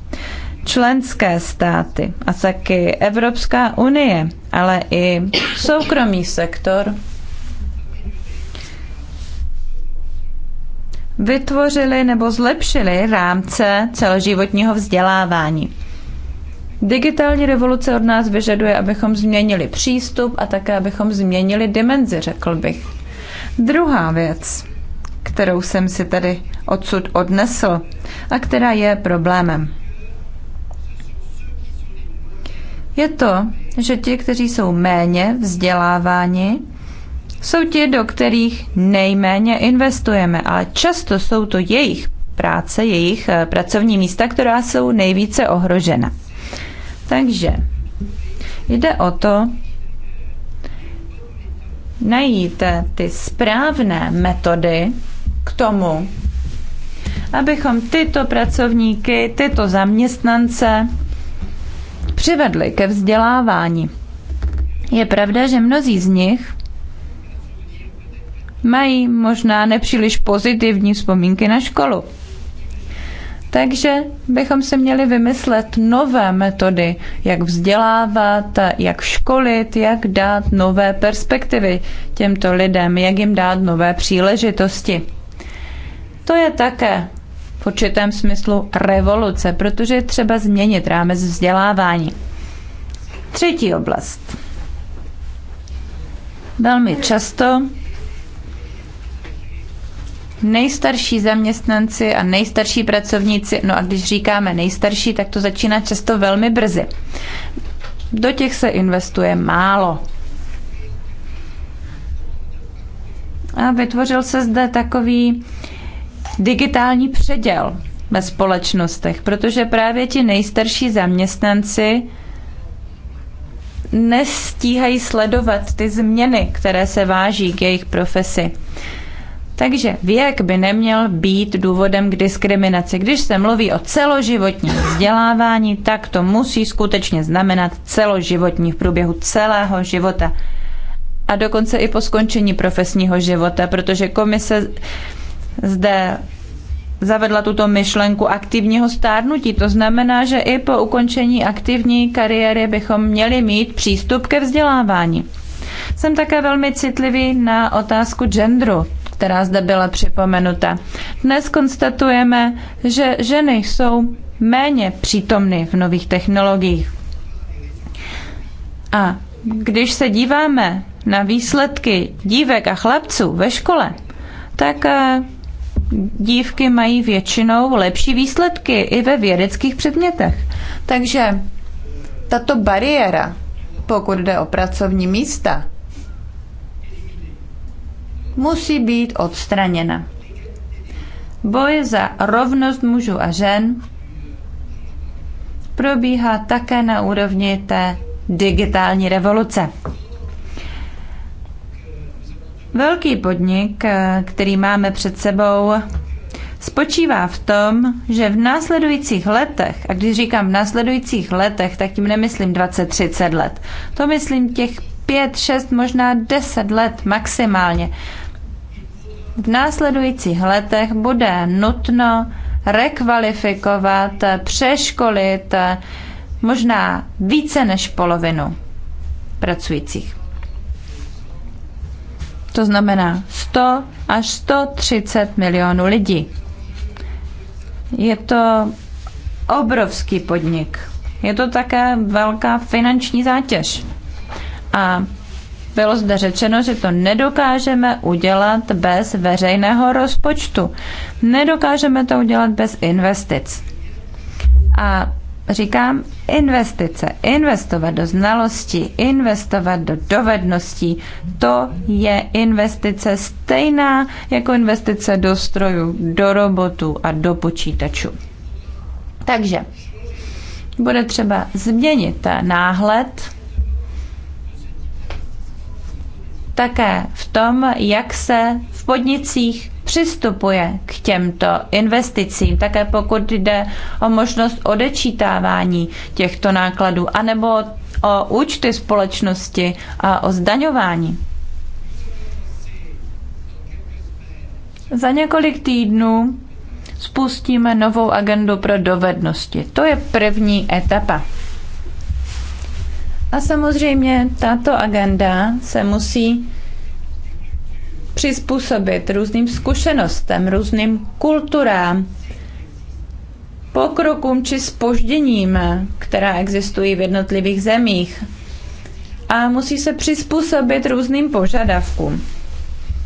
členské státy a taky Evropská unie, ale i soukromý sektor vytvořili nebo zlepšili rámce celoživotního vzdělávání. Digitální revoluce od nás vyžaduje, abychom změnili přístup a také abychom změnili dimenzi, řekl bych. Druhá věc, kterou jsem si tady odsud odnesl a která je problémem. je to, že ti, kteří jsou méně vzděláváni, jsou ti, do kterých nejméně investujeme, ale často jsou to jejich práce, jejich eh, pracovní místa, která jsou nejvíce ohrožena. Takže jde o to najít ty správné metody k tomu, abychom tyto pracovníky, tyto zaměstnance přivedly ke vzdělávání. Je pravda, že mnozí z nich mají možná nepříliš pozitivní vzpomínky na školu. Takže bychom se měli vymyslet nové metody, jak vzdělávat, jak školit, jak dát nové perspektivy těmto lidem, jak jim dát nové příležitosti. To je také v určitém smyslu revoluce, protože je třeba změnit rámec vzdělávání. Třetí oblast. Velmi často nejstarší zaměstnanci a nejstarší pracovníci, no a když říkáme nejstarší, tak to začíná často velmi brzy. Do těch se investuje málo. A vytvořil se zde takový digitální předěl ve společnostech, protože právě ti nejstarší zaměstnanci nestíhají sledovat ty změny, které se váží k jejich profesi. Takže věk by neměl být důvodem k diskriminaci. Když se mluví o celoživotním vzdělávání, tak to musí skutečně znamenat celoživotní v průběhu celého života. A dokonce i po skončení profesního života, protože komise zde zavedla tuto myšlenku aktivního stárnutí. To znamená, že i po ukončení aktivní kariéry bychom měli mít přístup ke vzdělávání. Jsem také velmi citlivý na otázku genderu, která zde byla připomenuta. Dnes konstatujeme, že ženy jsou méně přítomny v nových technologiích. A když se díváme na výsledky dívek a chlapců ve škole, tak eh, dívky mají většinou lepší výsledky i ve vědeckých předmětech. Takže tato bariéra, pokud jde o pracovní místa, musí být odstraněna. Boj za rovnost mužů a žen probíhá také na úrovni té digitální revoluce. Velký podnik, eh, který máme před sebou, spočívá v tom, že v následujících letech, a když říkám v následujících letech, tak tím nemyslím 20-30 let, to myslím těch 5, 6, možná 10 let maximálně. V následujících letech bude nutno rekvalifikovat, přeškolit eh, možná více než polovinu pracujících. To znamená 100 až 130 milionů lidí. Je to obrovský podnik. Je to také velká finanční zátěž. A bylo zde řečeno, že to nedokážeme udělat bez veřejného rozpočtu. Nedokážeme to udělat bez investic. A říkám investice. Investovat do znalosti, investovat do dovedností, to je investice stejná jako investice do strojů, do robotů a do počítačů. Takže bude třeba změnit náhled také v tom, jak se v podnicích přistupuje k těmto investicím, také pokud jde o možnost odečítávání těchto nákladů, anebo o účty společnosti a o zdaňování. Za několik týdnů spustíme novou agendu pro dovednosti. To je první etapa. A samozřejmě tato agenda se musí přizpůsobit různým zkušenostem, různým kulturám, pokrokům či spožděním, která existují v jednotlivých zemích a musí se přizpůsobit různým požadavkům.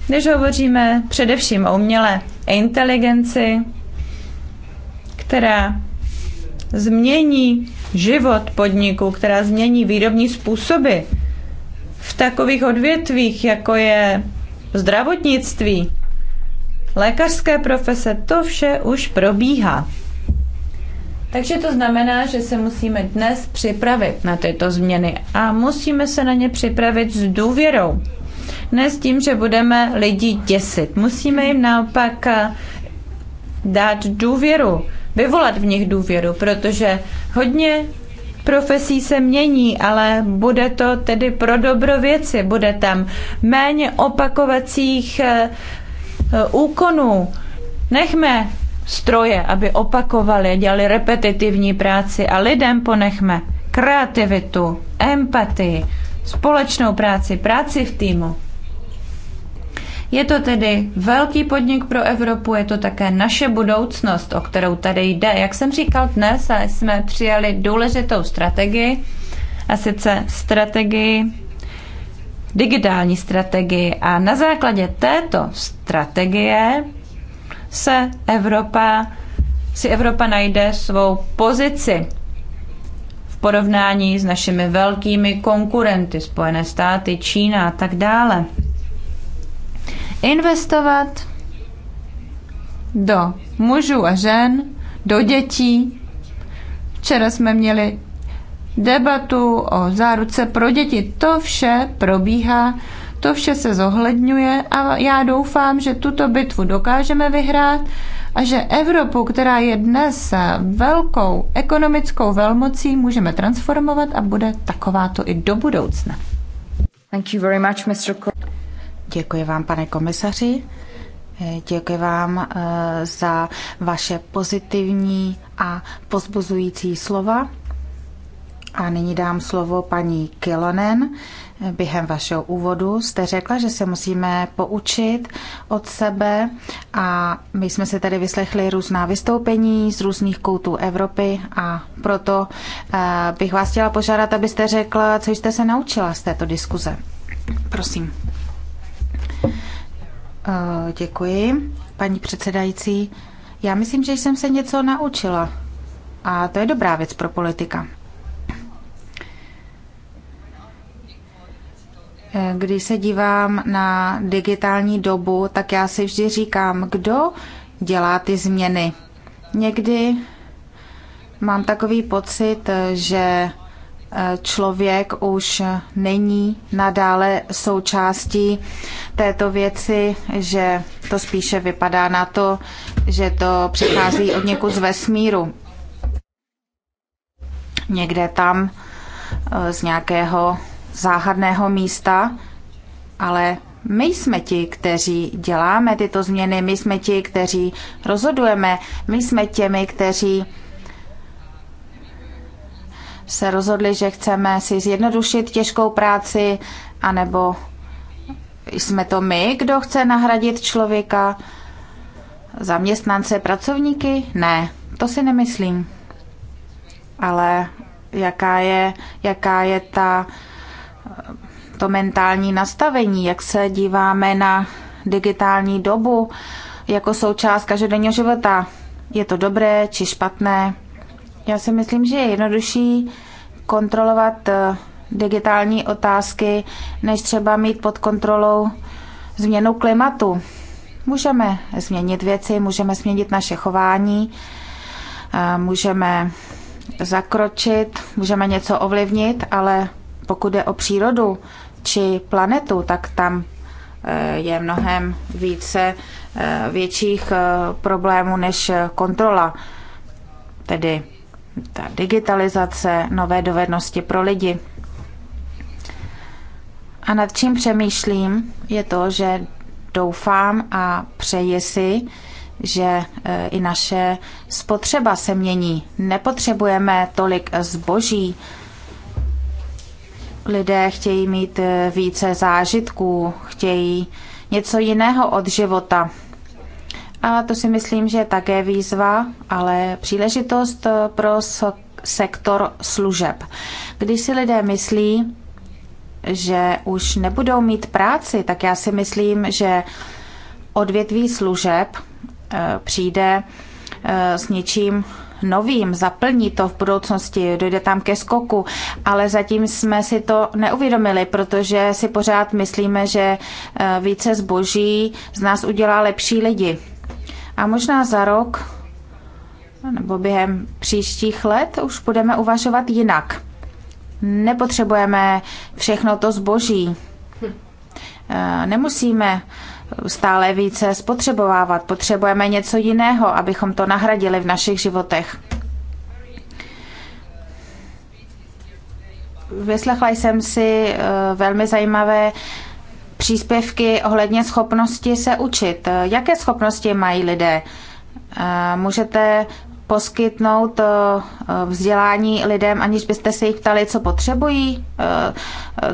Když hovoříme především o umělé inteligenci, která změní život podniku, která změní výrobní způsoby v takových odvětvích, jako je zdravotnictví, lékařské profese, to vše už probíhá. Takže to znamená, že se musíme dnes připravit na tyto změny a musíme se na ně připravit s důvěrou. Ne s tím, že budeme lidi děsit. Musíme jim naopak eh, dát důvěru, vyvolat v nich důvěru, protože hodně profesí se mění, ale bude to tedy pro dobro věci. Bude tam méně opakovacích eh, eh, úkonů. Nechme stroje, aby opakovali, dělali repetitivní práci a lidem ponechme kreativitu, empatii, společnou práci, práci v týmu. Je to tedy velký podnik pro Evropu, je to také naše budoucnost, o kterou tady jde. Jak jsem říkal dnes, jsme přijali důležitou strategii, a sice strategii digitální strategii a na základě této strategie se Evropa, si Evropa najde svou pozici v porovnání s našimi velkými konkurenty, Spojené státy, Čína a tak dále investovat do mužů a žen, do dětí. Včera jsme měli debatu o záruce pro děti. To vše probíhá, to vše se zohledňuje a já doufám, že tuto bitvu dokážeme vyhrát a že Evropu, která je dnes velkou ekonomickou velmocí, můžeme transformovat a bude takováto i do budoucna.
Thank you very much, Mr. Děkuji vám, pane komisaři. Děkuji vám eh, za vaše pozitivní a pozbuzující slova. A nyní dám slovo paní Kilonen. Během vašeho úvodu jste řekla, že se musíme poučit od sebe a my jsme se tady vyslechli různá vystoupení z různých koutů Evropy a proto eh, bych vás chtěla požádat, abyste řekla, co jste se naučila z této diskuze. Prosím. Děkuji, paní předsedající. Já myslím, že jsem se něco naučila. A to je dobrá věc pro politika. Když se dívám na digitální dobu, tak já si vždy říkám, kdo dělá ty změny. Někdy mám takový pocit, že eh, člověk už není nadále součástí této věci, že to spíše vypadá na to, že to přichází od někud z vesmíru. Někde tam eh, z nějakého záhadného místa, ale my jsme ti, kteří děláme tyto změny, my jsme ti, kteří rozhodujeme, my jsme těmi, kteří se rozhodli, že chceme si zjednodušit těžkou práci, anebo jsme to my, kdo chce nahradit člověka, zaměstnance, pracovníky? Ne, to si nemyslím. Ale jaká je, jaká je ta, to mentální nastavení, jak se díváme na digitální dobu jako součást každodenního života. Je to dobré či špatné? Já si myslím, že je jednodušší kontrolovat eh, digitální otázky, než třeba mít pod kontrolou změnu klimatu. Můžeme změnit věci, můžeme změnit naše chování, můžeme zakročit, můžeme něco ovlivnit, ale pokud je o přírodu či planetu, tak tam e, je mnohem více e, větších e, problémů než kontrola. Tedy ta digitalizace, nové dovednosti pro lidi. A nad čím přemýšlím, je to, že doufám a přeji si, že e, i naše spotřeba se mění. Nepotřebujeme tolik zboží. Lidé chtějí mít e, více zážitků, chtějí něco jiného od života. A to si myslím, že je také výzva, ale příležitost e, pro sektor služeb. Když si lidé myslí, že už nebudou mít práci, tak já si myslím, že odvětví služeb eh, přijde eh, s něčím novým, zaplní to v budoucnosti, dojde tam ke skoku, ale zatím jsme si to neuvědomili, protože si pořád myslíme, že eh, více zboží z nás udělá lepší lidi. A možná za rok nebo během příštích let už budeme uvažovat jinak nepotřebujeme všechno to zboží. Eh, nemusíme stále více spotřebovávat. Potřebujeme něco jiného, abychom to nahradili v našich životech. Vyslechla jsem si eh, velmi zajímavé příspěvky ohledně schopnosti se učit. Eh, jaké schopnosti mají lidé? Můžete poskytnout eh, eh, vzdělání lidem, aniž byste se jich ptali, co potřebují, eh,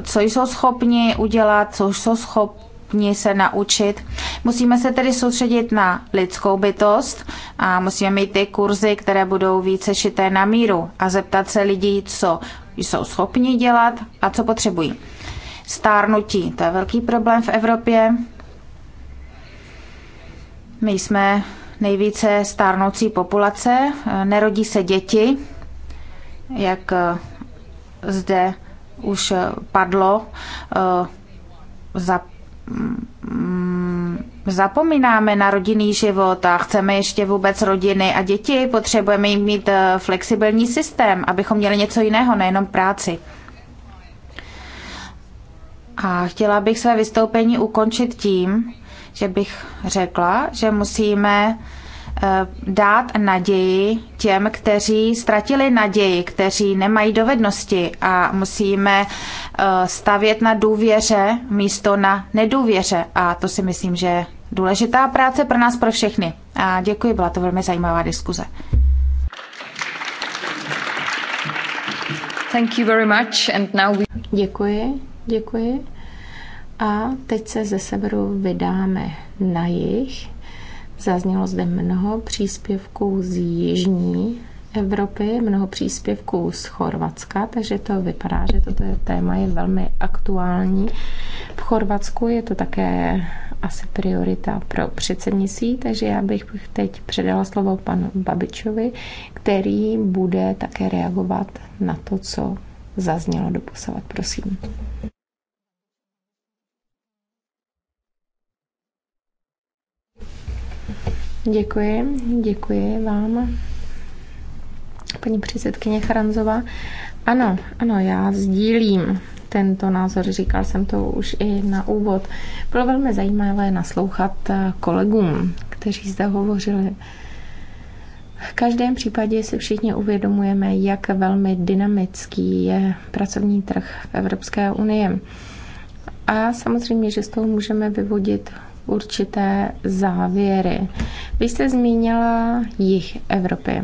co jsou schopni udělat, co jsou schopni se naučit. Musíme se tedy soustředit na lidskou bytost a musíme mít ty kurzy, které budou více šité na míru a zeptat se lidí, co jsou schopni dělat a co potřebují. Stárnutí, to je velký problém v Evropě. My jsme nejvíce stárnoucí populace, nerodí se děti, jak eh, zde už eh, padlo, eh, za mm, zapomínáme na rodinný život a chceme ještě vůbec rodiny a děti, potřebujeme jim mít flexibilní systém, abychom měli něco jiného, nejenom práci. A chtěla bych své vystoupení ukončit tím, že bych řekla, že musíme eh, dát naději těm, kteří ztratili naději, kteří nemají dovednosti a musíme eh, stavět na důvěře místo na nedůvěře. A to si myslím, že je důležitá práce pro nás, pro všechny. A děkuji, byla to velmi zajímavá diskuze. Thank
you very much and now we... Děkuji, děkuji. A teď se ze severu vydáme na jih. Zaznělo zde mnoho příspěvků z jižní Evropy, mnoho příspěvků z Chorvatska, takže to vypadá, že toto téma je velmi aktuální. V Chorvatsku je to také asi priorita pro předsednictví, takže já bych teď předala slovo panu Babičovi, který bude také reagovat na to, co zaznělo posavat. Prosím. Děkuji, děkuji vám, paní předsedkyně Charanzová. Ano, ano, já sdílím tento názor, říkal jsem to už i na úvod. Bylo velmi zajímavé naslouchat kolegům, kteří zde hovořili. V každém případě si všichni uvědomujeme, jak velmi dynamický je pracovní trh v Evropské unii. A samozřejmě, že z toho můžeme vyvodit určité závěry. Vy jste zmínila jich Evropy.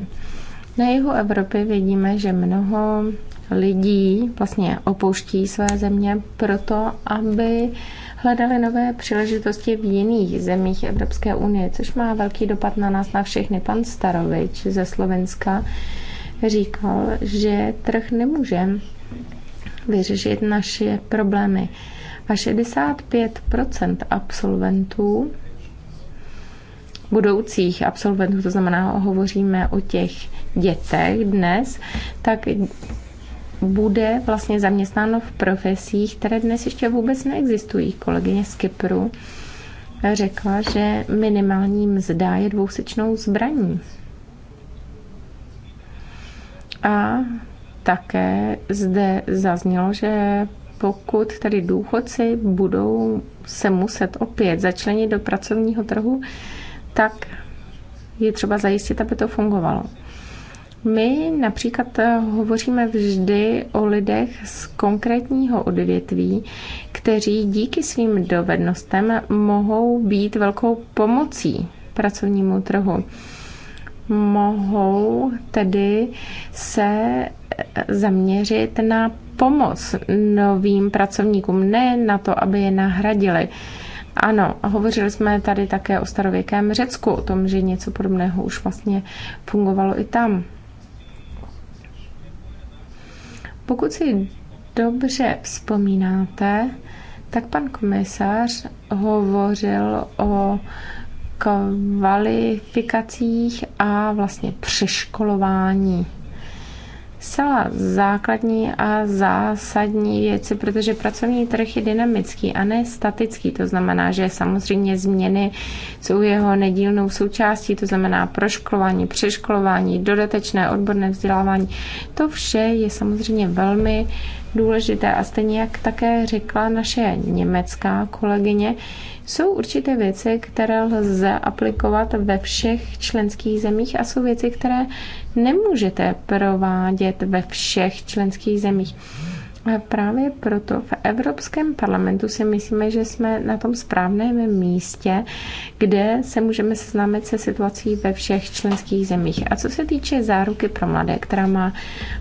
Na jihu Evropy vidíme, že mnoho lidí vlastně opouští své země proto, aby hledali nové příležitosti v jiných zemích Evropské unie, což má velký dopad na nás, na všechny. Pan Starovič ze Slovenska říkal, že trh nemůže vyřešit naše problémy a 65 absolventů, budoucích absolventů, to znamená, hovoříme o těch dětech dnes, tak bude vlastně zaměstnáno v profesích, které dnes ještě vůbec neexistují. Kolegyně z Kypru řekla, že minimální mzda je dvousečnou zbraní. A také zde zaznělo, že pokud tedy důchodci budou se muset opět začlenit do pracovního trhu, tak je třeba zajistit, aby to fungovalo. My například hovoříme vždy o lidech z konkrétního odvětví, kteří díky svým dovednostem mohou být velkou pomocí pracovnímu trhu mohou tedy se zaměřit na pomoc novým pracovníkům, ne na to, aby je nahradili. Ano, hovořili jsme tady také o starověkém Řecku, o tom, že něco podobného už vlastně fungovalo i tam. Pokud si dobře vzpomínáte, tak pan komisař hovořil o kvalifikacích a vlastně přeškolování zcela základní a zásadní věci, protože pracovní trh je dynamický a ne statický. To znamená, že samozřejmě změny jsou jeho nedílnou součástí, to znamená proškolování, přeškolování, dodatečné odborné vzdělávání. To vše je samozřejmě velmi důležité. A stejně jak také řekla naše německá kolegyně, jsou určité věci, které lze aplikovat ve všech členských zemích a jsou věci, které nemůžete provádět ve všech členských zemích. E, právě proto v Evropském parlamentu si myslíme, že jsme na tom správném místě, kde se můžeme seznámit se situací ve všech členských zemích. A co se týče záruky pro mladé, která má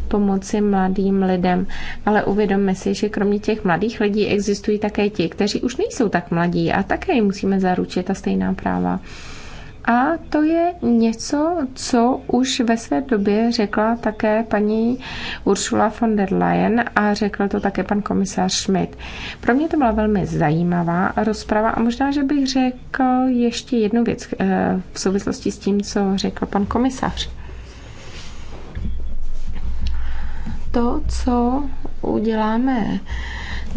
pomoci mladým lidem, ale uvědomme si, že kromě těch mladých lidí existují také ti, kteří už nejsou tak mladí a také jim musíme zaručit ta stejná práva. A to je něco, co už ve své době řekla také paní Ursula von der Leyen a řekl to také pan komisař Schmidt. Pro mě to byla velmi zajímavá rozprava a možná, že bych řekl ještě jednu věc eh, v souvislosti s tím, co řekl pan komisař. To, co uděláme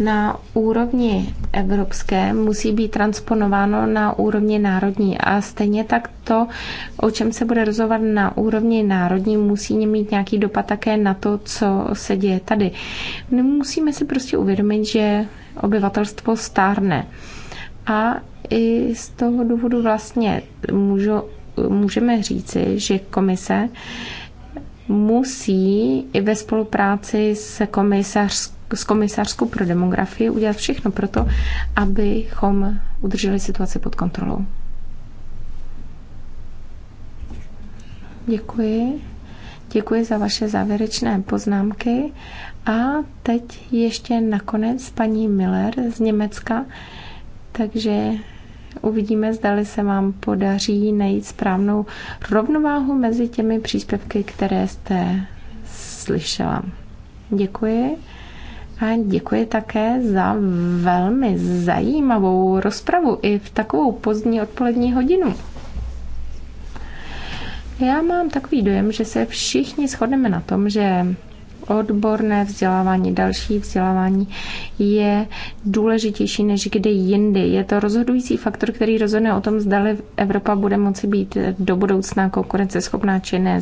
na úrovni evropské musí být transponováno na úrovni národní a stejně tak to, o čem se bude rozhovat na úrovni národní, musí mít nějaký dopad také na to, co se děje tady. Musíme si prostě uvědomit, že obyvatelstvo stárne a i z toho důvodu vlastně můžu, můžeme říci, že komise musí i ve spolupráci s komisařskou s komisářskou pro demografii udělat všechno pro to, abychom udrželi situaci pod kontrolou. Děkuji. Děkuji za vaše závěrečné poznámky. A teď ještě nakonec paní Miller z Německa. Takže uvidíme, zdali se vám podaří najít správnou rovnováhu mezi těmi příspěvky, které jste slyšela. Děkuji. Děkuji také za velmi zajímavou rozpravu i v takovou pozdní odpolední hodinu. Já mám takový dojem, že se všichni shodneme na tom, že odborné vzdělávání, další vzdělávání je důležitější než kdy jindy. Je to rozhodující faktor, který rozhodne o tom, zda Evropa bude moci být do budoucna konkurenceschopná či ne.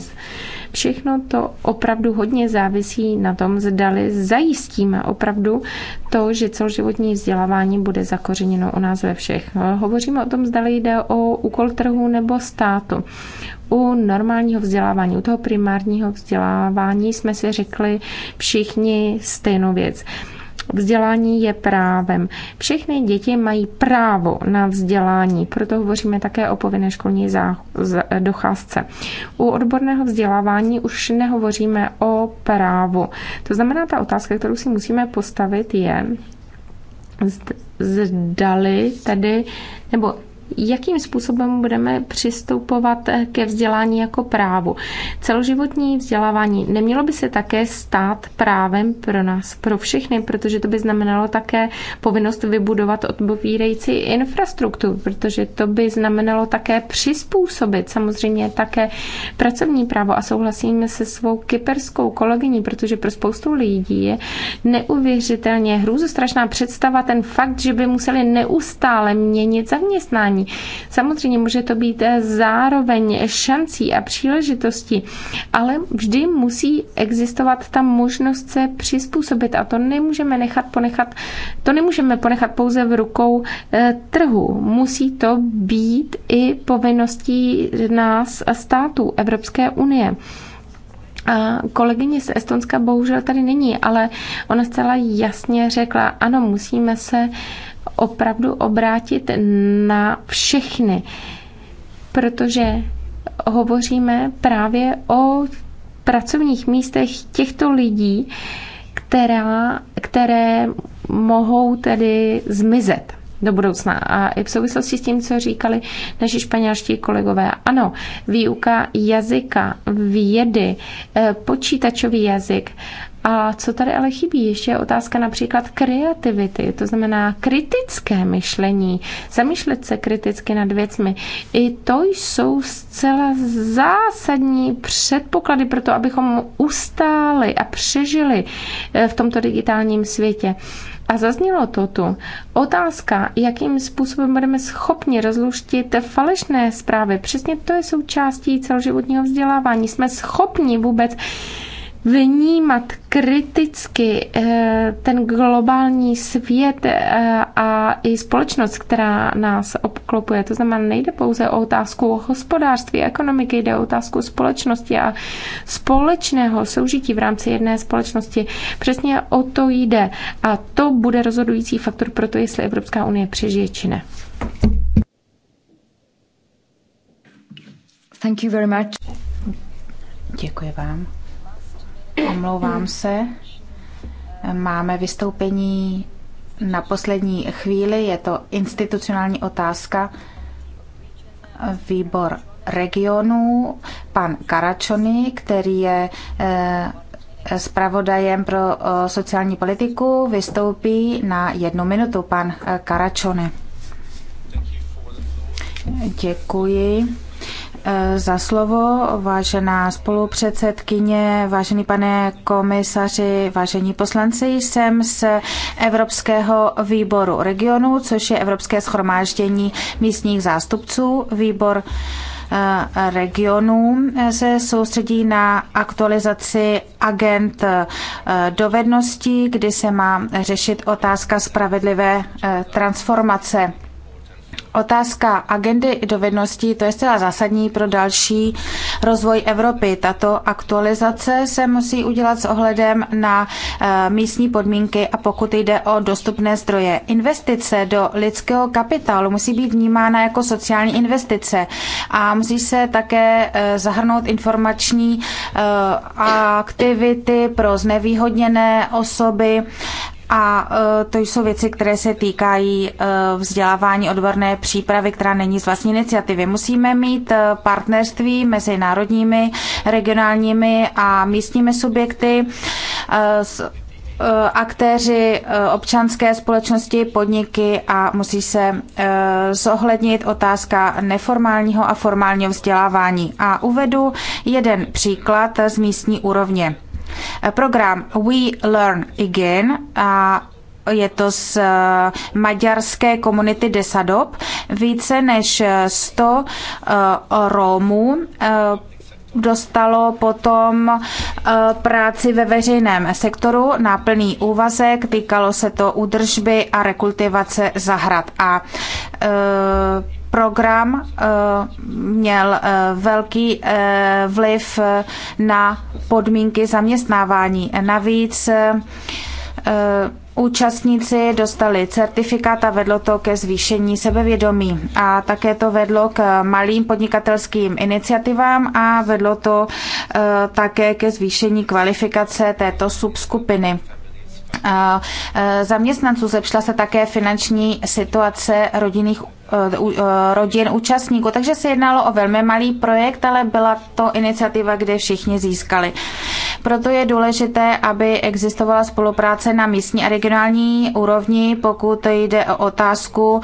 Všechno to opravdu hodně závisí na tom, zda zajistíme opravdu to, že celoživotní vzdělávání bude zakořeněno u nás ve všech. Hovoříme o tom, zda jde o úkol trhu nebo státu u normálního vzdělávání, u toho primárního vzdělávání jsme si řekli všichni stejnou věc. Vzdělání je právem. Všechny děti mají právo na vzdělání, proto hovoříme také o povinné školní docházce. U odborného vzdělávání už nehovoříme o právu. To znamená, ta otázka, kterou si musíme postavit, je, zdali tedy, nebo jakým způsobem budeme přistupovat eh, ke vzdělání jako právu. Celoživotní vzdělávání nemělo by se také stát právem pro nás, pro všechny, protože to by znamenalo také povinnost vybudovat odpovídající infrastrukturu, protože to by znamenalo také přizpůsobit samozřejmě také pracovní právo a souhlasíme se svou kyperskou kolegyní, protože pro spoustu lidí je neuvěřitelně hrůzostrašná představa ten fakt, že by museli neustále měnit zaměstnání vzdělání. Samozřejmě může to být eh, zároveň šancí a příležitosti, ale vždy musí existovat ta možnost se přizpůsobit a to nemůžeme nechat ponechat, to nemůžeme ponechat pouze v rukou eh, trhu. Musí to být i povinností nás a států Evropské unie. A kolegyně z Estonska bohužel tady není, ale ona zcela jasně řekla, ano, musíme se opravdu obrátit na všechny, protože hovoříme právě o pracovních místech těchto lidí, která, které mohou tedy zmizet do budoucna. A i v souvislosti s tím, co říkali naši španělští kolegové, ano, výuka jazyka, vědy, eh, počítačový jazyk, a co tady ale chybí? Ještě je otázka například kreativity, to znamená kritické myšlení, zamýšlet se kriticky nad věcmi. I to jsou zcela zásadní předpoklady pro to, abychom ustáli a přežili eh, v tomto digitálním světě a zaznělo to tu. Otázka, jakým způsobem budeme schopni rozluštit falešné zprávy, přesně to je součástí celoživotního vzdělávání. Jsme schopni vůbec vnímat kriticky eh, ten globální svět eh, a i společnost, která nás obklopuje. To znamená, nejde pouze o otázku hospodářství, ekonomiky, jde o otázku společnosti a společného soužití v rámci jedné společnosti. Přesně o to jde. A to bude rozhodující faktor pro to, jestli Evropská unie přežije či ne. Thank you very much. Děkuji vám.
Omlouvám se. Máme vystoupení na poslední chvíli. Je to institucionální otázka. Výbor regionů, pan Karačony, který je eh, zpravodajem pro eh, sociální politiku, vystoupí na jednu minutu. Pan eh, Karačony. Děkuji E, za slovo, vážená spolupředsedkyně, vážený pane komisaři, vážení poslanci. Jsem z Evropského výboru regionu, což je Evropské schromáždění místních zástupců. Výbor e, regionů se soustředí na aktualizaci agent e, dovedností, kdy se má řešit otázka spravedlivé transformace Otázka agendy dovedností, to je zcela zásadní pro další rozvoj Evropy. Tato aktualizace se musí udělat s ohledem na eh, místní podmínky a pokud jde o dostupné zdroje. Investice do lidského kapitálu musí být vnímána jako sociální investice a musí se také eh, zahrnout informační eh, aktivity pro znevýhodněné osoby a e, to jsou věci, které se týkají e, vzdělávání odborné přípravy, která není z vlastní iniciativy. Musíme mít e, partnerství mezi národními, regionálními a místními subjekty s aktéři občanské společnosti, podniky a musí se zohlednit otázka neformálního a formálního vzdělávání. A uvedu jeden příklad z místní úrovně. Eh, program We Learn Again a je to z eh, maďarské komunity Desadob. Více než 100 eh, Romů dostalo potom práci ve veřejném sektoru na plný úvazek, týkalo se to údržby a rekultivace zahrad. A program eh, měl eh, velký eh, vliv na podmínky zaměstnávání. Navíc účastníci dostali certifikát a vedlo to ke zvýšení sebevědomí. A také to vedlo k malým podnikatelským iniciativám a vedlo to také ke zvýšení kvalifikace této subskupiny. Zaměstnanců zepšla se také finanční situace rodinných Eh, eh, rodin účastníků. Takže se jednalo o velmi malý projekt, ale byla to iniciativa, kde všichni získali. Proto je důležité, aby existovala spolupráce na místní a regionální úrovni, pokud jde o otázku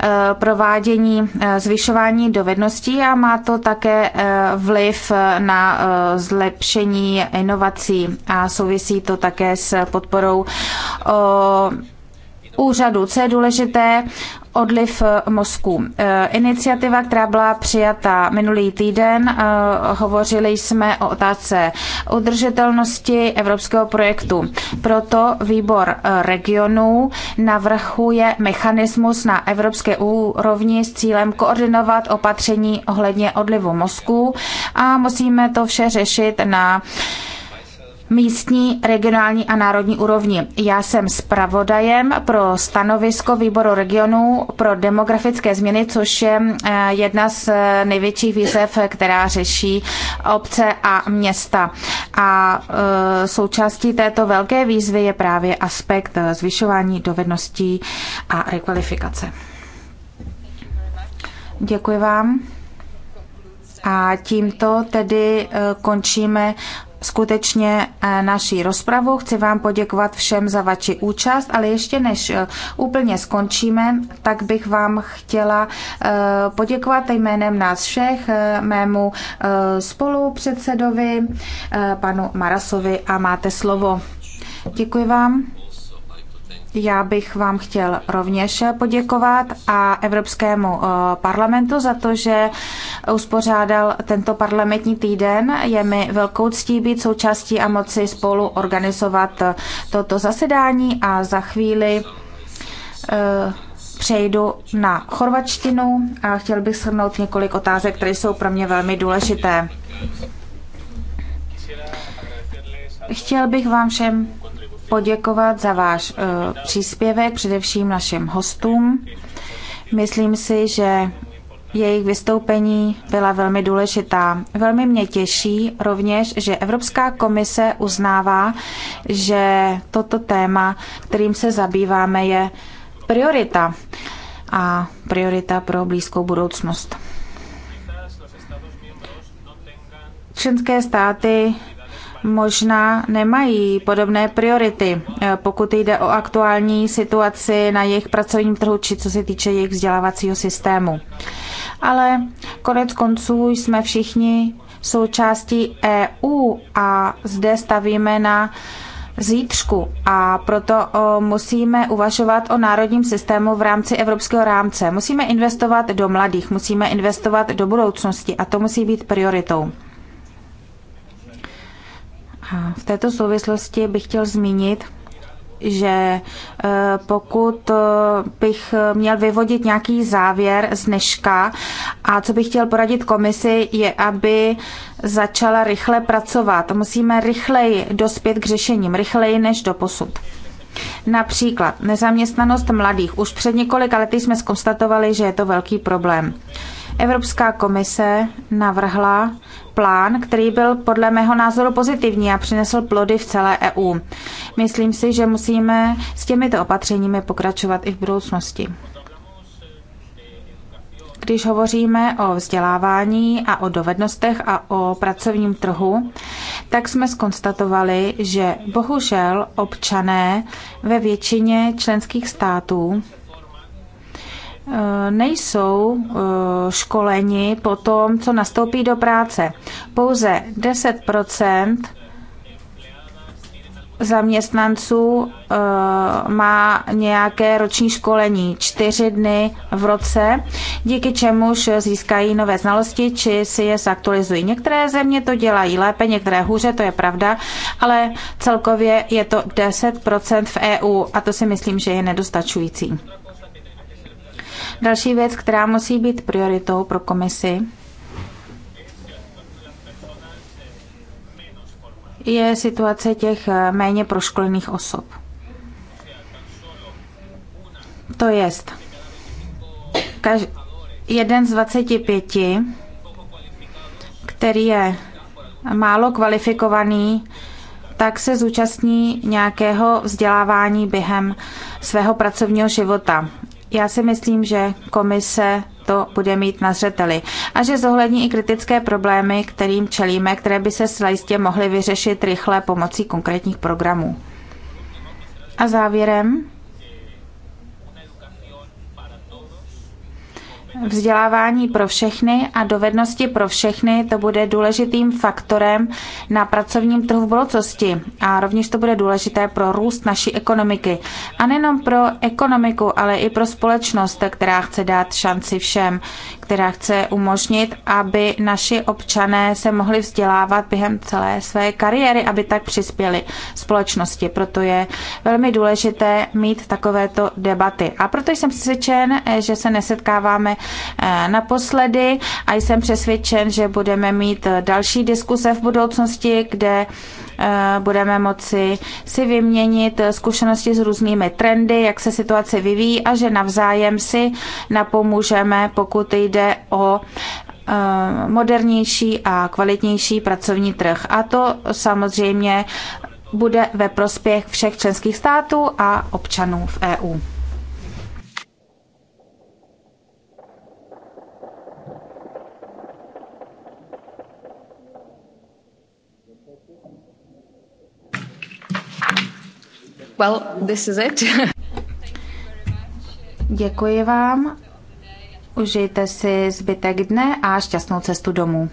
eh, provádění zvyšování dovedností a má to také vliv na zlepšení inovací a souvisí to také s podporou Úřadu, co je důležité, odliv mozku. E, iniciativa, která byla přijata minulý týden, e, hovořili jsme o otázce udržitelnosti evropského projektu. Proto výbor regionů navrhuje mechanismus na evropské úrovni s cílem koordinovat opatření ohledně odlivu mozků a musíme to vše řešit na místní, regionální a národní úrovni. Já jsem zpravodajem pro stanovisko výboru regionů pro demografické změny, což je eh, jedna z eh, největších výzev, která řeší obce a města. A eh, součástí této velké výzvy je právě aspekt zvyšování dovedností a rekvalifikace. Děkuji vám. A tímto tedy končíme skutečně eh, naší rozpravu. Chci vám poděkovat všem za vaši účast, ale ještě než eh, úplně skončíme, tak bych vám chtěla eh, poděkovat jménem nás všech, mému spolupředsedovi, panu Marasovi a máte slovo. Děkuji vám. Já bych vám chtěl rovněž poděkovat a Evropskému eh, parlamentu za to, že uspořádal tento parlamentní týden. Je mi velkou ctí být součástí a moci spolu organizovat eh, toto zasedání a za chvíli eh, přejdu na chorvačtinu a chtěl bych shrnout několik otázek, které jsou pro mě velmi důležité. Chtěl bych vám všem poděkovat za váš eh, příspěvek, především našim hostům. Myslím si, že jejich vystoupení byla velmi důležitá. Velmi mě těší rovněž, že Evropská komise uznává, že toto téma, kterým se zabýváme, je priorita a priorita pro blízkou budoucnost. Členské státy možná nemají podobné priority, eh, pokud jde o aktuální situaci na jejich pracovním trhu či co se týče jejich vzdělávacího systému. Ale konec konců jsme všichni součástí EU a zde stavíme na zítřku a proto eh, musíme uvažovat o národním systému v rámci evropského rámce. Musíme investovat do mladých, musíme investovat do budoucnosti a to musí být prioritou. V této souvislosti bych chtěl zmínit, že eh, pokud eh, bych měl vyvodit nějaký závěr z dneška a co bych chtěl poradit komisi, je, aby začala rychle pracovat. Musíme rychleji dospět k řešením, rychleji než do posud. Například nezaměstnanost mladých. Už před několika lety jsme skonstatovali, že je to velký problém. Evropská komise navrhla plán, který byl podle mého názoru pozitivní a přinesl plody v celé EU. Myslím si, že musíme s těmito opatřeními pokračovat i v budoucnosti. Když hovoříme o vzdělávání a o dovednostech a o pracovním trhu, tak jsme skonstatovali, že bohužel občané ve většině členských států nejsou eh, školeni po tom, co nastoupí do práce. Pouze 10 zaměstnanců eh, má nějaké roční školení čtyři dny v roce, díky čemuž získají nové znalosti či si je zaktualizují. Některé země to dělají lépe, některé hůře, to je pravda, ale celkově je to 10% v EU a to si myslím, že je nedostačující. Další věc, která musí být prioritou pro komisi, je situace těch eh, méně proškolených osob. To jest, kaž, jeden z 25, který je málo kvalifikovaný, tak se zúčastní nějakého vzdělávání během svého pracovního života. Já si myslím, že komise to bude mít na zřeteli a že zohlední i kritické problémy, kterým čelíme, které by se slajstě mohly vyřešit rychle pomocí konkrétních programů. A závěrem Vzdělávání pro všechny a dovednosti pro všechny to bude důležitým faktorem na pracovním trhu v budoucnosti a rovněž to bude důležité pro růst naší ekonomiky. A nejenom pro ekonomiku, ale i pro společnost, která chce dát šanci všem, která chce umožnit, aby naši občané se mohli vzdělávat během celé své kariéry, aby tak přispěli společnosti. Proto je velmi důležité mít takovéto debaty. A proto jsem přesvědčen, že se nesetkáváme Eh, naposledy a jsem přesvědčen, že budeme mít eh, další diskuse v budoucnosti, kde eh, budeme moci si vyměnit zkušenosti s různými trendy, jak se situace vyvíjí a že navzájem si napomůžeme, pokud jde o modernější a kvalitnější pracovní trh. A to samozřejmě bude ve prospěch všech členských států a občanů v EU.
Well, this is it.
Děkuji vám. Užijte si zbytek dne a šťastnou cestu domů.